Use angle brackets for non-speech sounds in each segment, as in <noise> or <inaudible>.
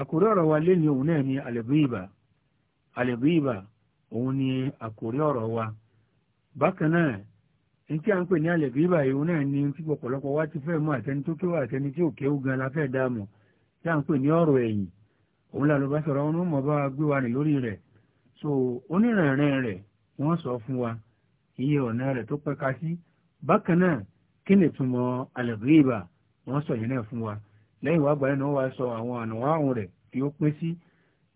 àkórí ọ̀rọ̀ wa lẹ́nu òun náà ni àlẹ́bíìbà àlẹ́bíìbà òun ni àkórí ọ̀rọ̀ wa bákan náà ní tí a ń pè ní àlẹ́bíìbà òun náà ni tí ọ̀pọ̀lọpọ̀ wa ti fẹ́ mú àtẹni tó kéwà àtẹni tí ò kéwù gan la fẹ́ dààmú tí a ń pè ní ọ̀rọ̀ ẹ̀yìn òun làlọ́ bá sọ̀rọ̀ ọ̀run mọ̀ bá gbé wa rìn lórí rẹ̀ so onírànràn rẹ̀ wọ́n sọ fún wa iye ọ̀nà rẹ̀ tó pẹ́ka sí bákan náà kí ni ìtumọ̀ àlẹ́bíìbà wọ́n sọ yẹn náà fún wa lẹ́yìn wá gbà náà wá sọ àwọn ànàwọ́ àwọn rẹ̀ tí ó pín sí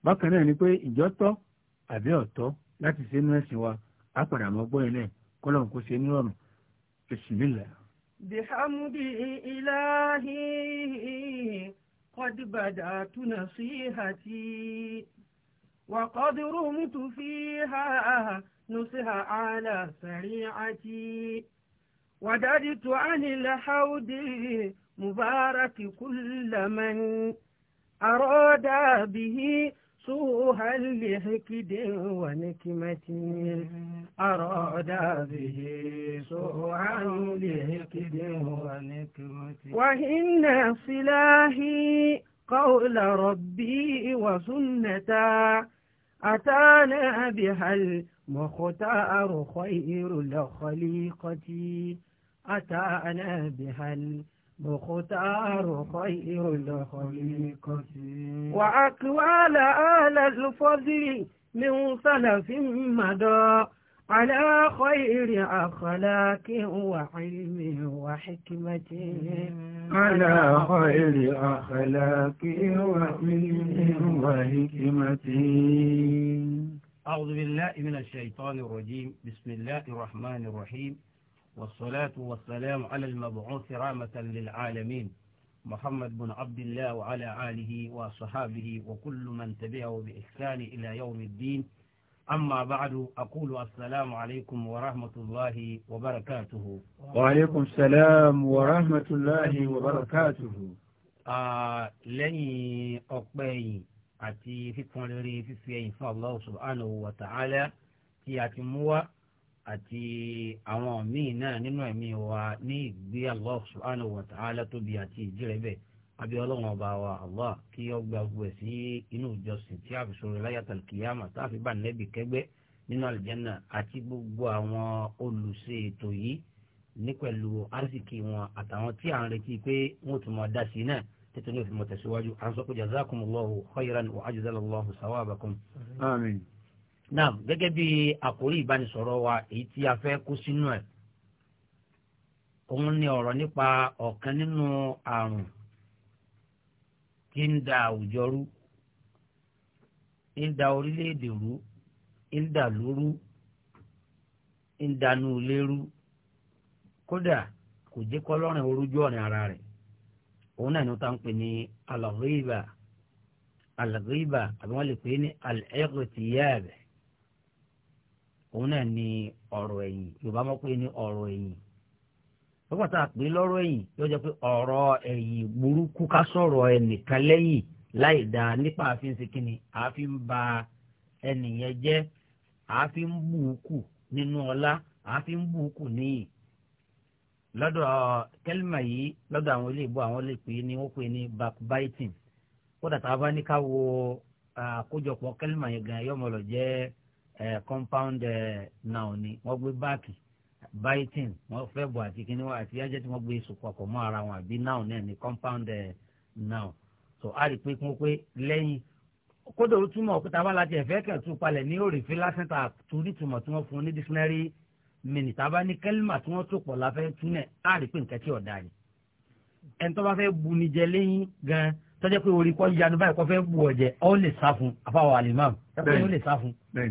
bákan náà ni pé ìjọ tọ́ àbí ọ̀tọ́ láti ṣe inú ẹ̀sìn wa á padà mọ́ gbọ́ yẹn náà kọ́lọ́n kó ṣe nírọ̀rùn bisimilá. bihamdi ilahi qad bada'tu nasihati wa qad fiha nusiha ala sari'ati wadadtu anil hawdi. مبارك كل من أراد به سوها لحكد ونكمة أراد به سوها لحكد ونكمة وإن صلاحي قول ربي وسنة أتانا بها المختار خير الخليقة أتانا بها المختار مختار خير الخليقة وأقوال أهل الفضل من سلف مدى على خير أخلاق وعلم وحكمة على خير أخلاق وعلم وحكمة أعوذ بالله من الشيطان الرجيم بسم الله الرحمن الرحيم والصلاة والسلام على المبعوث رحمة للعالمين محمد بن عبد الله وعلى آله وصحابه وكل من تبعه بإحسان إلى يوم الدين أما بعد أقول السلام عليكم ورحمة الله وبركاته وعليكم السلام ورحمة الله وبركاته lẹ́yìn آه، أقبي أتي في rere fífi ẹ̀yìn fún Allah subhanahu wa ta'ala tí a àti àwọn míì náà nínú ẹ̀mí wa ní ìgbé Allah subhanahu wa ta'ala tóbi àti ìdí rẹ̀ bẹ́ẹ̀ àbí ọlọ́run ọba wa Allah kí ó gba gbogbo ẹ̀ sí inú ìjọsìn tí a fi sọ̀rọ̀ láyàtọ̀ kìyàmà tá a fi bá nẹ́bì kẹ́gbẹ́ nínú àlùjẹ́nà àti gbogbo àwọn olùṣe ètò yìí ní pẹ̀lú arzikì wọn àtàwọn tí à ń retí pé wọ́n tún mọ̀ dá sí náà tètè ní òfin mọ̀ tẹ̀síwájú à ń sọ pé jazakumullahu khairan wa ajzalallahu sawabakum. Àmín naam gẹ́gẹ́ bí àkórí ìbánisọ̀rọ̀ wa èyí tí a fẹ́ kó sínú ẹ̀ òun ni ọ̀rọ̀ nípa ọ̀kan nínú àrùn tí ń da àwùjọ rú ń da orílẹ̀-èdè rú ń da lóru ń danú lérú kódà kò jẹ́ kọ́lọ́rìn orújú ọ̀rìn ara rẹ̀ òun náà ni wọ́n ta ń pè ní alaghiba alaghiba àbí wọ́n lè pè é ní alẹ́kùtìyà rẹ̀ òun náà ni ọ̀rọ̀ ẹ̀yìn yorùbá mọ̀ pé ní ọ̀rọ̀ ẹ̀yìn lọ́pọ̀ tá a pè é lọ́rọ̀ ẹ̀yìn yóò jẹ́ pé ọ̀rọ̀ ẹ̀yìn burúkú ká sọ̀rọ̀ ẹnìkan lẹ́yìn láì dá nípa àfin ṣe kínni ba ẹnìyẹn jẹ́ àfi bù ú kù nínú ọlá àfi bù ú kù níyì lọ́dọ̀ yìí lọ́dọ̀ àwọn àwọn pè é ní wọ́n pè ní wo àkójọpọ̀ kẹ́límà yẹn gan yọmọ compound noun ni wọ́n gbé báàkì biting wọ́n fẹ́ bọ̀ àti kíní wọn àti ajẹ́ tí wọ́n gbé èso papọ̀ mọ́ ara wọn àbí noun náà ni compound noun so a rí pé kún pé lẹ́yìn kódà ó túmọ̀ pé tábà láti ẹ̀fẹ́ kẹ̀tù palẹ̀ ní òrìfẹ́ lásán tá a torí túmọ̀ tí wọ́n fún ní dictionary mìnì tábà ní kẹ́límà tí wọ́n tó pọ̀ láfẹ́ túnẹ̀ a rí pé nǹkan tí ọ̀dà ni ẹni tó bá fẹ́ bu ni jẹ lẹ́yìn gan tọ́jẹ́ pé orí kọ́ yanu báyìí kọ́ fẹ́ bu ọ̀jẹ̀ ọ́ lè sá fún afáwọ̀ àlìmáàmù ẹ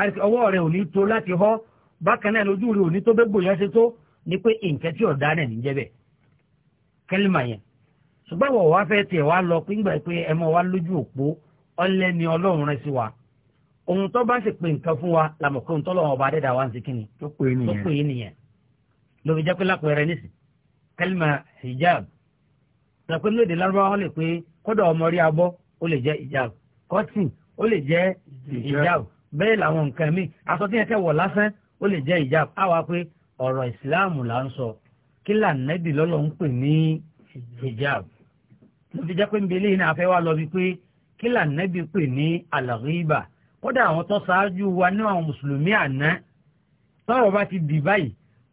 àti ọwọ́ rẹ̀ ò ní tó láti họ́ bákan náà lójú rẹ̀ ò ní tó bẹ́ẹ̀ gbòòyàn ṣe tó ni pé nǹkan tí ọ̀dá náà níjẹ́ bẹ̀ kẹ́lìmà yẹn ṣùgbọ́n wọ̀ wá fẹ́ tiẹ̀ wá lọ pé ńgbà pé ẹ mọ wá lójú òpó ọlẹ́ ni ọlọ́run rẹ̀ sí wa ohun tó bá sì pé nǹkan fún wa làmọ̀ pé ohun tọ́lọ́wọ́n ọba adẹ́dà wa ń sìnkí ni tó pè é nìyẹn ló fi jẹ́ pé lápẹ̀rẹ̀ nísì kẹ́lìmà hijab ṣàpé lóde lárúbáwá lè pé kọ́dọ̀ ọmọ rí abọ́ ó lè jẹ́ hijab kọ́tìn ó lè jẹ́ hijab bẹ́ẹ̀ làwọn nǹkan mi aṣọ tí yẹn kẹ́ wọ̀ lásán ó lè jẹ́ ìjáàb àwa pé ọ̀rọ̀ ìsìláàmù là ń sọ kí lànàbì lọ́lọ́ ń pè ní ìjáàb ló fi jẹ́ pé nbí eléyìí náà fẹ́ wá lọ bí pé kí lànàbì pè ní àlàríbà kódà àwọn tó ṣáájú wa ní àwọn mùsùlùmí àná tọ́rọ̀ bá ti dì báyìí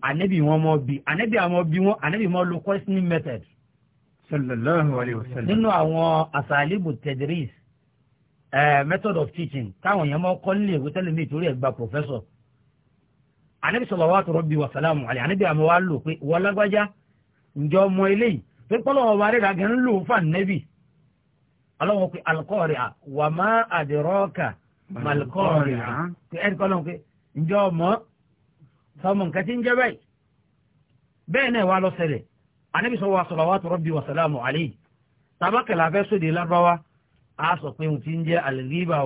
ànẹ́bì wọn mọ bí ànẹ́bì àwọn bí wọn ànẹ́bì mọ lo questioning method. nínú àwọn asalibu tedris method of teaching táwọn èèyàn máa kọ́ nílé ìwé tẹ́lẹ̀ mi ìtòrí ẹ̀ gba professor anabi salawatu rabbi wa salamu alayhi anabi àmọ́ wa lò pé wọ́n lágbájá ǹjọ́ ọmọ eléyìí pé pọ́lọ́wọ́ wa rẹ̀ gàgẹ́ ń lò fún anabi ọlọ́wọ́ pé alukọ́ọ̀rì à wà má àdìrọ́ọ̀kà malukọ́ọ̀rì à pé ẹ̀rí kọ́lọ́wọ́ pé ǹjọ́ ọmọ sọmọ nǹkan ti ń jẹ́ báyìí bẹ́ẹ̀ náà wà lọ sẹlẹ̀ anabi salawatu rabbi wa salamu alayhi tabakẹ́lá fẹ́ sóde lárúbáwá a sọ pé òun ti ń jẹ́ àlèríbà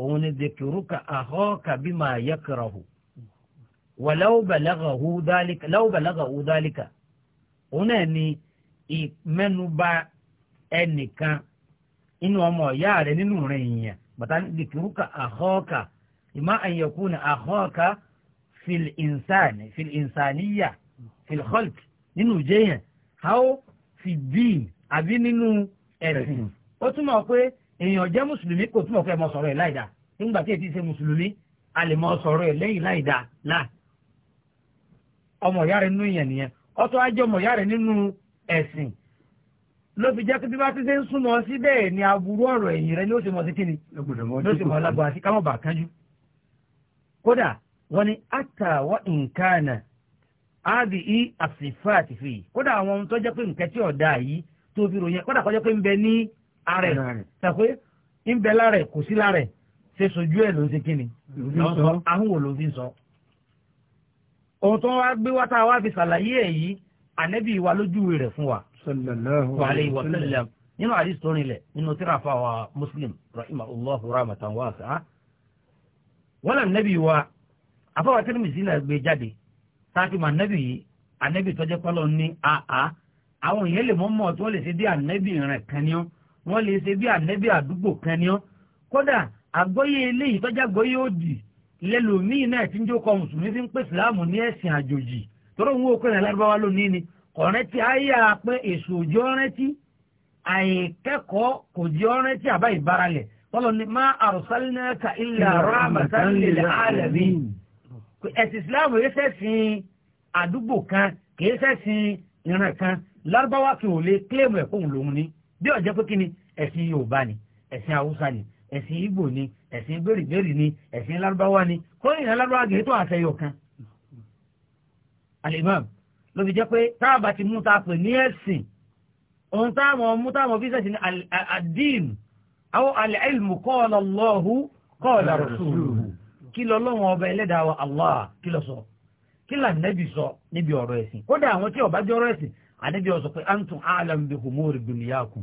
òun ni dèkìrúkà àhọ́ọ̀kà bí máa yẹ kẹrọ hù wà láwùbàlágà hù dálíkà òun náà ni ìmẹ́nuba ẹnìkan inú ọmọ ìyá rẹ̀ nínú rẹ̀ yìnyẹn bàtà dèkìrúkà àhọ́ọ̀kà ìmọ̀ àyẹ̀kú ni àhọ́ọ̀kà fil insani fil insaniya nínú jẹ́yẹn how fi àbí nínú ẹ̀sìn ó túmọ̀ pé èèyàn jẹ́ mùsùlùmí kò túmọ̀ kẹ́ mọ sọ̀rọ̀ ẹ̀ láìda nígbà tí èyí ti ṣe mùsùlùmí a lè mọ sọ̀rọ̀ ẹ̀ lẹ́yìn láìda là ọmọ ìyá rẹ̀ nínú ìyẹn nìyẹn ọtọ́ ajé ọmọ ìyá rẹ̀ nínú ẹ̀sìn ló fi jẹ́ pé bí bá ti ṣe ń súnmọ́ sí bẹ́ẹ̀ ni aburú ọ̀rọ̀ ẹ̀yìn rẹ̀ ni ó ṣe mọ sí kíni ló ṣe mọ lágbo àti káwọn bà kánjú kódà wọn ni àtàwọ nǹkan náà áàbì í àfìfáàtì fi kódà àwọn ohun tó jẹ́ pé nǹkan tí ọ̀dà yìí tó fi ròyìn kódà kọjá pé ní arẹ̀ sàpé ń bẹ lárẹ̀ kò sí lárẹ̀ ṣe sojú ẹ̀ ló ń ṣe kí ni ló fi sọ. tó wá gbé wá a wá fi ṣàlàyé ẹ̀ wa lójú rẹ̀ fún wa. nínú tó nínú tíra muslim wa afọwọ́ náà gbé jáde mà nẹ́bí yìí ànẹ́bí pálọ̀ ní àá àwọn lè mọ́ mọ́ tí wọ́n lè wọ́n lè ṣe bí ànẹ́bí àdúgbò kan ni ọ́ kódà àgbọ́yé eléyìí tọ́jà àgbọ́yé òdì lẹ́lòmíì náà tí ń jókòó mùsùlùmí fi ń pè síláàmù ní ẹ̀sìn àjòjì tọ́rọ̀ ń wò pé ìrìn alárúbáwá lónìí ni ọ̀rẹ́tì ayé àpẹ èso ọ̀rẹ́tì àìkẹ́kọ̀ọ́ kò ọ̀rẹ́tì àbá tọ́lọ ni má ilẹ̀ ẹ̀sìn bí ọ̀jẹ́ pé kí ni ẹ̀sìn Yorùbá ni ẹ̀sìn Haúsá ni ẹ̀sìn Ìgbò ni ẹ̀sìn gbèrìgbèrì ni ẹ̀sìn Lárúbáwá ni kóyìnbó Lárúbáwá kì tó àṣẹ kan. alimam ló jẹ́ pé táàbà ti mú ta pè ní ẹ̀sìn ohun táwọn mú táwọn fi sẹ̀sìn àdín àwọn al ànábì ọ̀sọ̀ pé antum a'lam bi humuri dunyakum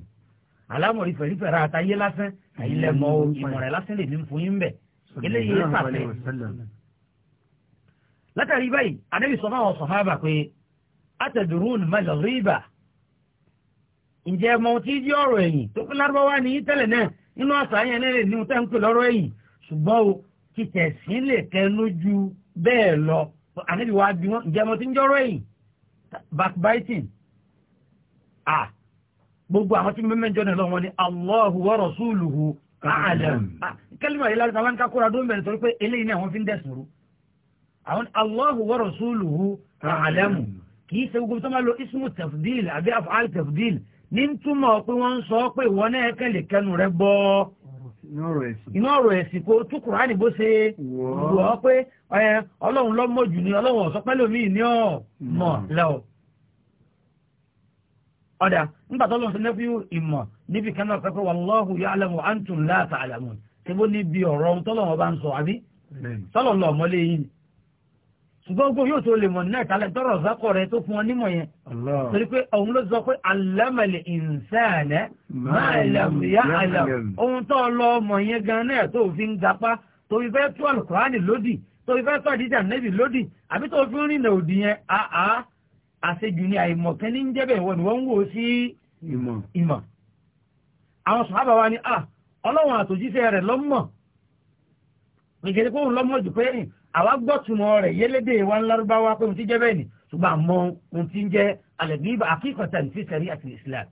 alámọ̀rí fẹ̀rífẹ̀ ra àtàyé lásán àyílẹ̀ mọ́ ìmọ̀ràn lásán lè ní fún yín bẹ̀ eléyìí pàṣẹ. látàrí báyìí ànábì sọ fáwọn sọ̀hábà pé atadurun mal ghiba ǹjẹ́ mọ tí di ọ̀rọ̀ ẹ̀yìn tó fún lárúbáwá ní tẹ́lẹ̀ náà nínú àṣà yẹn à gbogbo àwọn tí lọ wọn ni Allahu wa rasuluhu a'lam kẹ́lìmọ̀ yìí lárúkọ aláǹkà kóra dó ń pé eléyìí ni àwọn fi ń dẹ̀sùn àwọn Allahu wa rasuluhu a'lam ṣe gbogbo tó máa lo ismu àbí af'al ní túmọ̀ pé wọ́n ń sọ pé ìwọ náà kẹ́lì kẹnu rẹ iná ọ̀rọ̀ ẹ̀sìn ọ̀dà nígbàtọ́lọ́ sí lẹ́fí ìmọ̀ níbi kan náà sẹ́kọ̀ọ́ wallahu ya'lamu antum la ta'lamun tí bó níbi ọ̀rọ̀ bá ń sọ àbí lọ yìí gbogbo yóò tó lè mọ̀ tọ́rọ̀ tó fún ọ nímọ̀ yẹn torí pé òun ló sọ pé ohun àṣejù ní àìmọ̀ kan ní jẹ́bẹ̀ wọ́n ni wọ́n ń wò sí ìmọ̀ àwọn sọ̀hábà wa ni ah ọlọ́run àtòjíṣẹ́ rẹ̀ lọ́mọ̀ ìkèrè kóhùn lọ́mọ̀ jù pé àwa gbọ́ túmọ̀ rẹ̀ yélédè wa ń lárúbáwá pé òun ti jẹ́bẹ̀ ni ṣùgbọ́n àmọ́ òun ti ń jẹ́ àlẹ́gbẹ́ àkíkọ̀tà ní sísẹ̀rí àti Islam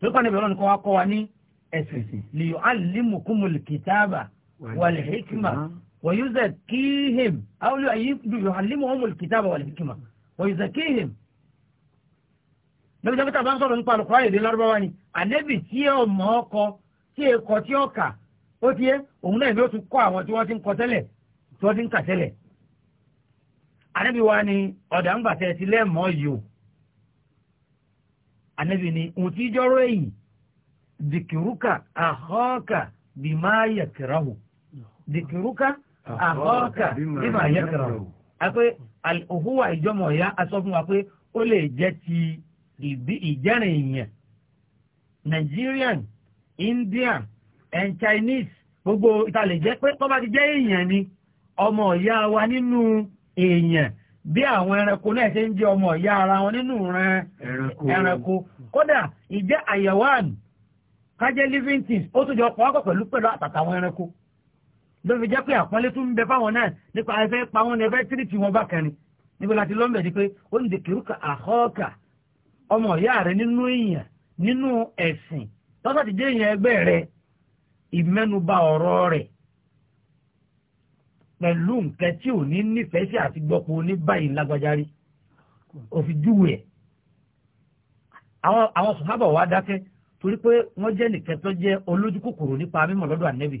tó kọ́ níbi ọlọ́run kọ́ wa kọ́ wa ní ẹ̀sìn li yu'allimukumul kitaba wal hikma wa yuzakkihim aw yu'allimuhumul kitaba wal hikma wọ́n yìí zakihim lọ́jọ́ pé tàbá ń sọ̀rọ̀ nípa àlùkò ayèdè lárúbáwá ni ànẹ́bì tí ọmọ ọkọ tí èkó tí ọkà ó ti yé òun náà ni ó tún kọ́ àwọn tí wọ́n ti ń kọ tẹ́lẹ̀ tí wọ́n ti ń kà tẹ́lẹ̀ ànẹ́bì wa ni ọ̀dà ń gbàtẹ́ ti lẹ́ẹ̀mọ́ yìí o ànẹ́bì ni òun ti jọ́rọ́ èyí dìkìrúkà àhọ́ọ̀kà bímá yẹ̀kìrọ̀hù dìkìrúkà àhọ́ọ̀kà bímá yẹ̀kìrọ̀hù òhùwà ìjọmọ̀ ìyá a fún wa pé ó lè jẹ́ ti ìbí èèyàn Nigerian Indian and Chinese gbogbo ìtàlẹ̀ jẹ́ pé tó ti ni ọmọ ìyá wa nínú èèyàn bí àwọn ẹranko náà ṣe ń jẹ́ ọmọ ìyá ara wọn nínú ẹranko kódà ìjẹ́ àyẹ̀wò àná kájẹ́ living things ó tún jọ pọ̀ pẹ̀lú pẹ̀lú ẹranko. ló fi jẹ́ pé àpọ́nlé tún bẹ fáwọn náà nípa ẹfẹ́ pa wọn ní ẹfẹ́ tírìtì wọn bá kẹrin níbo láti lọ́mọ̀ ní pé ó ń dèkìrúkà àhọ́ọ̀kà ọmọ ìyá rẹ nínú èèyàn nínú ẹ̀sìn tọ́sà ti dé èèyàn ẹgbẹ́ rẹ ìmẹ́nuba ọ̀rọ̀ rẹ̀ pẹ̀lú nǹkan tí ò ní nífẹ̀ẹ́ sí àti gbọ́pọ̀ ní báyìí lágbájárí òfin júwe ẹ̀ àwọn sọ̀hábà wa dákẹ́ torí pé wọ́n jẹ́ nìkan tó jẹ́ olójú kòkòrò nípa mímọ̀ lọ́dọ̀ ànẹ́bì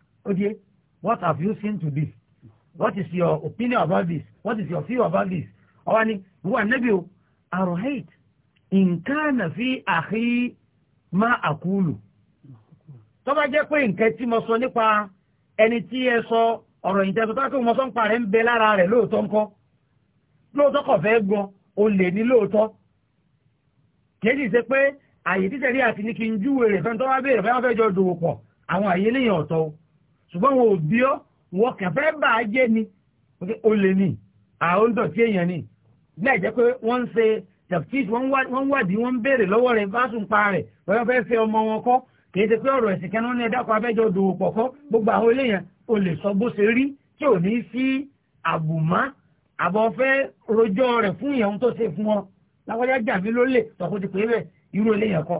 okay what have you seen to this what is your opinion about this what is your view about this ọwọ́ ni wọ́n nẹ́bí o nǹkan náà fi àhí má àkúlù tó jẹ́ pé nǹkan tí mo sọ nípa ẹni tí sọ ọ̀rọ̀ ìjẹ́sọ tó kí mo sọ ń pa rẹ̀ ń bẹ lára rẹ̀ lóòótọ́ ńkọ́ lóòótọ́ kọ̀ fẹ́ o lè ní lóòótọ́ kéjì ṣe pé àyè títẹ̀rí àti ní kí n júwe fẹ́ béèrè fẹ́ wọ́n fẹ́ jọ ṣùgbọ́n wọn ò bí ọ́ wọ́n kàn fẹ́ bà á jẹ́ ni ó lè ní àwọn ń dọ̀tí èèyàn ni láì jẹ́ pé wọ́n ń ṣe tẹ̀pítìs wọ́n wádìí wọ́n ń béèrè lọ́wọ́ rẹ̀ bá sùn pa rẹ̀ wọ́n fẹ́ fẹ́ ọmọ wọn kọ́ kìí ṣe pé ọ̀rọ̀ ẹ̀sìn kan ní ẹ̀dáko abẹ́jọ dòwò pọ̀ kọ́ gbogbo àwọn eléyàn o lè sọ bó ṣe rí tí ò ní sí àbùmá àbọ̀ fẹ́ rojọ́ rẹ̀ fún ìyẹn tó ṣe fún ọ lákọjá jà mí ló lè sọ kó ti pé bẹ́ẹ̀ irú eléyàn kọ́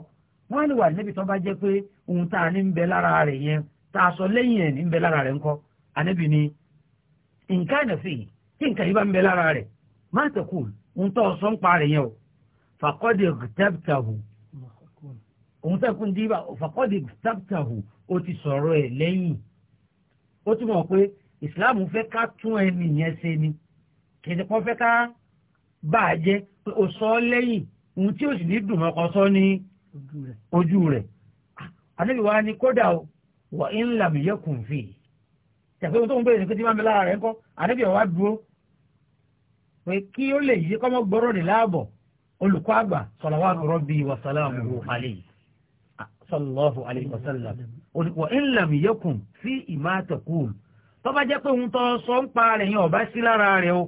wọ́n lè wà níbi tó bá jẹ́ pé ohun tá a ní ń bẹ lára rẹ̀ yẹn tá a sọ lẹ́yìn ẹ̀ ní bẹ lára rẹ̀ ńkọ́ ànábì ni nǹkan ẹ̀fẹ̀ yìí tí nǹkan yìí bá ń bẹ lára rẹ̀ má tẹ̀kù ń tọ́ ọ sọ́npa rẹ̀ yẹn o fàkọ́dì tẹ́pítàhù òun tẹ́kù ń dìbà fàkọ́dì tẹ́pítàhù ó ti sọ̀rọ̀ ẹ̀ lẹ́yìn ó túmọ̀ pé ìsìláàmù fẹ́ ká tún ẹni yẹn ṣe ni kìtì kan fẹ́ ká bá a jẹ́ o sọ ọ́ lẹ́yìn ohun tí o sì ní dùn sọ ní ojú rẹ̀ ànábì wa ni kódà o wà ń lam yakun fi tẹ̀pẹ́ ohun tó ń bẹ̀rẹ̀ ní kí máa mi lára rẹ̀ ńkọ́ àdébí ọ̀wá dúró pé kí ó lè yí kọ́mọ́ gbọ́rọ̀ ní láàbọ̀ olùkọ́ àgbà salawatu rabbi wa salamuhu alayhi sallallahu alayhi wa sallam wà ń lam yakun fi ma taqul tó bá jẹ́ pé ohun tó sọ ń pa rẹ̀ yẹn ọ̀bá sí lára rẹ̀ o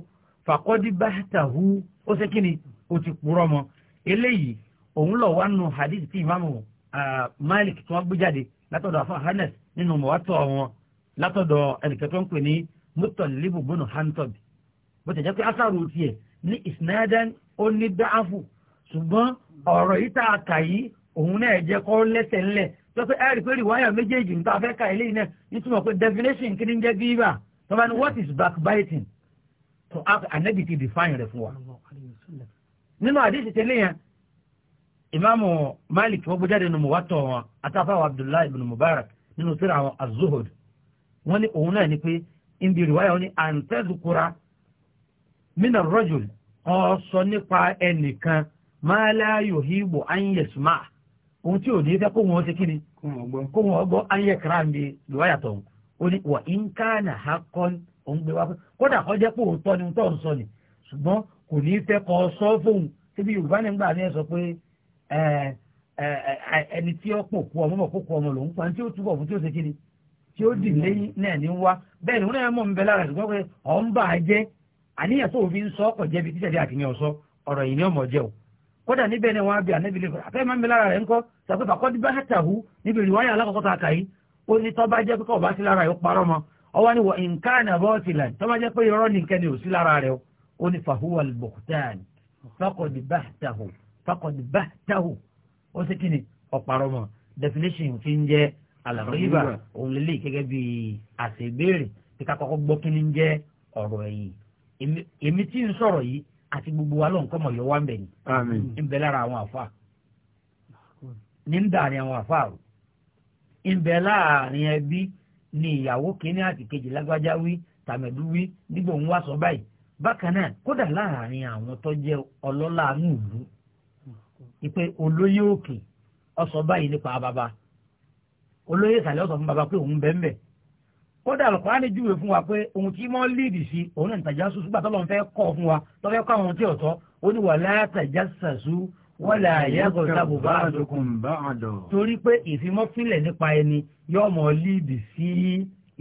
fàkọ́dí bahtahu ó ṣe kí ni ó ti purọ́ mọ́ eléyìí òun lọ wá nù hadith tí ìmáàmù ah, Malik tí wọ́n gbé jáde látọ̀dọ̀ afa Hanes nínú mọ̀wátọ̀ wọn látọ̀dọ̀ ẹnìkan tó ń pè ní mutalibu bunu hantob bó ti jẹ́ pé asaru tiẹ̀ ní isnadan ó ní dáàfù ṣùgbọ́n ọ̀rọ̀ yìí tá a kà yìí òun náà jẹ́ kọ́ lẹ́sẹ̀ ńlẹ̀ tó pé ẹ̀rí pé rìwáyà méjèèjì níta fẹ́ ka eléyìí náà nítumọ̀ pé definition kìíní jẹ́ gíbà tó bá ní what is backbiting to act a negative define rẹ̀ fún wa. nínú àdéhùn tẹ́lẹ̀ yẹn imamu Malik wọ́n gbójáde nínú mọ̀wátọ̀ wọn Abdullahi ibn Mubarak nínú síra àwọn az-Zuhud wọ́n ní òun náà ni pé ibi riwaya wọn ni à mina rajul ó nípa ẹnìkan ma la yuhibu an yasma ohun tí ò ní fẹ́ kó wọn ṣe kí ni kó wọn ń bi tó ní wà òun gbé wá fún kódà sọ ni ṣùgbọ́n kò ní fẹ́ kọ́ fóun síbi Yorùbá ní ẹni tí ó pò kú ọmọ kó kú ọmọ lòún pa tí ó túbọ̀ fún tí ó ṣe kíni tí ó dì hmm. lẹ́yìn náà ní wá bẹ́ẹ̀ ni wọn náà mọ̀ ń bẹ lára ṣùgbọ́n pé ọ̀ ń bà á jẹ́ àníyàn tó fi ń sọ ọkọ̀ jẹ́bi títẹ̀lé ọ̀rọ̀ yìí o kódà níbẹ̀ ni wọ́n á bí lè fẹ́ máa ń bẹ lára rẹ̀ ńkọ́ sàpé bá níbi wá fakọ̀d bá dáhù ó sì kí ni ọ̀parọ̀ mọ̀ definition ti ń jẹ́ alàríbà òun lélẹ̀ gẹ́gẹ́ bí àṣebéèrè tí ká kọ́kọ́ gbọ́ kí ni ń jẹ́ ọ̀rọ̀ ẹ̀yìn èmi tí ń sọ̀rọ̀ yìí àti gbogbo wa lọ́nkọ́ mọ̀ yọ wá ń bẹ̀ ni ń bẹ lára àwọn àfa ní ń dàrin àwọn àfa o ń bẹ láàrin ẹbí ni ìyàwó kínní àti kejì lágbájá wí tàmẹ̀dú wí nígbò ń wá sọ báyìí bákan náà kódà láàrin àwọn tó jẹ́ ọlọ́lá àánú ìpè olóyè òkè ọsọ báyìí nípa bàbá olóyè ìsàlẹ̀ ọsọ fún bàbá pé òun bẹ́ẹ̀ bẹ́ẹ̀ kódà Al-Kùránì júwe fún wa pé ohun tí mọ́ líìdì sí òun náà nìtajà sùn ṣùgbọ́n tọ́lọ́ fẹ́ kọ́ fún wa tọ́fẹ́ kọ́ àwọn tí ọ̀tọ́ ó ní wà látàjà sàṣù wọ́lá àyẹ́gọ̀ sábò bá àdókùn bá àdọ̀. torí pé ìfimọ́fílẹ̀ nípa ẹni yóò mọ̀ líìdì sí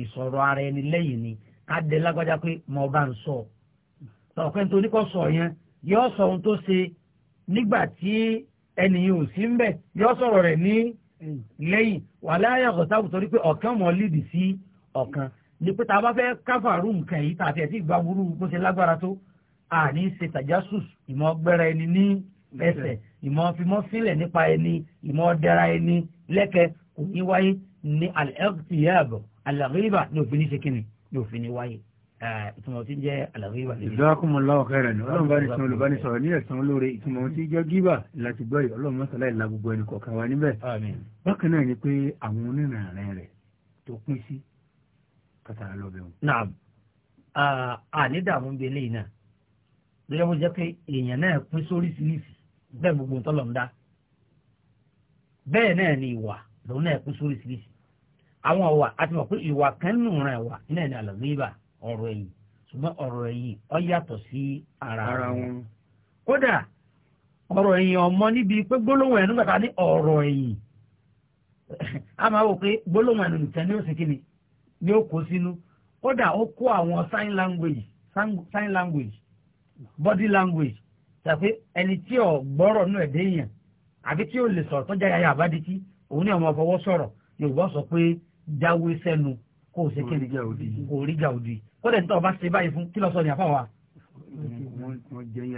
ìsọ̀rọ̀ ara ẹni lẹ́yìn ni ká dé lágbájá pé mo bá ń sọ. tọ̀kẹ́ nítorí kò sọ yẹn yóò sọ ohun tó ṣe nígbà tí ẹnìyàn ò sí ń bẹ̀ yọ sọ̀rọ̀ rẹ̀ ní hmm. lẹ́yìn wà láyà ọ̀tàbù torí pé ọ̀kan mọ̀ lídì sí ọ̀kan ní pé tá a bá fẹ́ káfàrú nǹkan yìí tàbí ẹ̀ tí ìgbà burú bó ṣe lágbára tó àní ṣe tajasus ìmọ̀ gbẹ́ra ẹni ní ẹsẹ̀ ìmọ̀ fimọ́ sílẹ̀ nípa ẹni ìmọ̀ dẹ́ra ẹni lẹ́kẹ̀ kò ní wáyé ní al-iqtiyab al-ghiba ní òfin ìtumọ̀ tí ń jẹ́ àlàríwá. jazakumullahu khairan ni ọlọ́run bá ní sọ olùbánisọ̀rọ̀ ní ẹ̀sán olóore ìtumọ̀ tí jẹ́ gíbà láti gbọ́ yìí ọlọ́run mọ́sálá ìlà gbogbo ẹnì kọ̀ọ̀kan wa níbẹ̀. bákan náà ni pé àwọn onírànràn rẹ̀ tó pín sí kàtàrà lọ́bẹ̀ wọn. naam àní dààmú bíi eléyìí náà lóyún mo jẹ́ pé èèyàn náà pín sóríṣiríṣi bẹ́ẹ̀ gbogbo ni ìwà lòun náà pín sóríṣiríṣi àwọn ìwà àti mọ̀ pé ìwà kan nù ràn ọ̀rọ̀ ẹ̀yìn ṣùgbọ́n ọ̀rọ̀ ẹ̀yìn ó yàtọ̀ sí ara wọn kódà ọ̀rọ̀ ẹ̀yìn ọmọ níbi pé gbólóhùn ẹnu gbàtà ní ọ̀rọ̀ ẹ̀yìn a máa wò pé gbólóhùn ẹnu nìkan ni ó sì kíni ni ó kó sínú kódà ó kó àwọn sign language sign language body language tàbí ẹni tí ò gbọ́rọ̀ nù ẹ̀dẹ́ èèyàn àbí tí ò lè sọ̀rọ̀ tó jáyà àbádìtì òun ni àwọn ọ̀fọwọ́ sọ̀rọ̀ Yorùbá sọ pé jáwé sẹ́nu kò ṣe kéde kò rí jà òdì kódà nítorí ọba ṣe báyìí fún kí lọ sọ ní àfáwà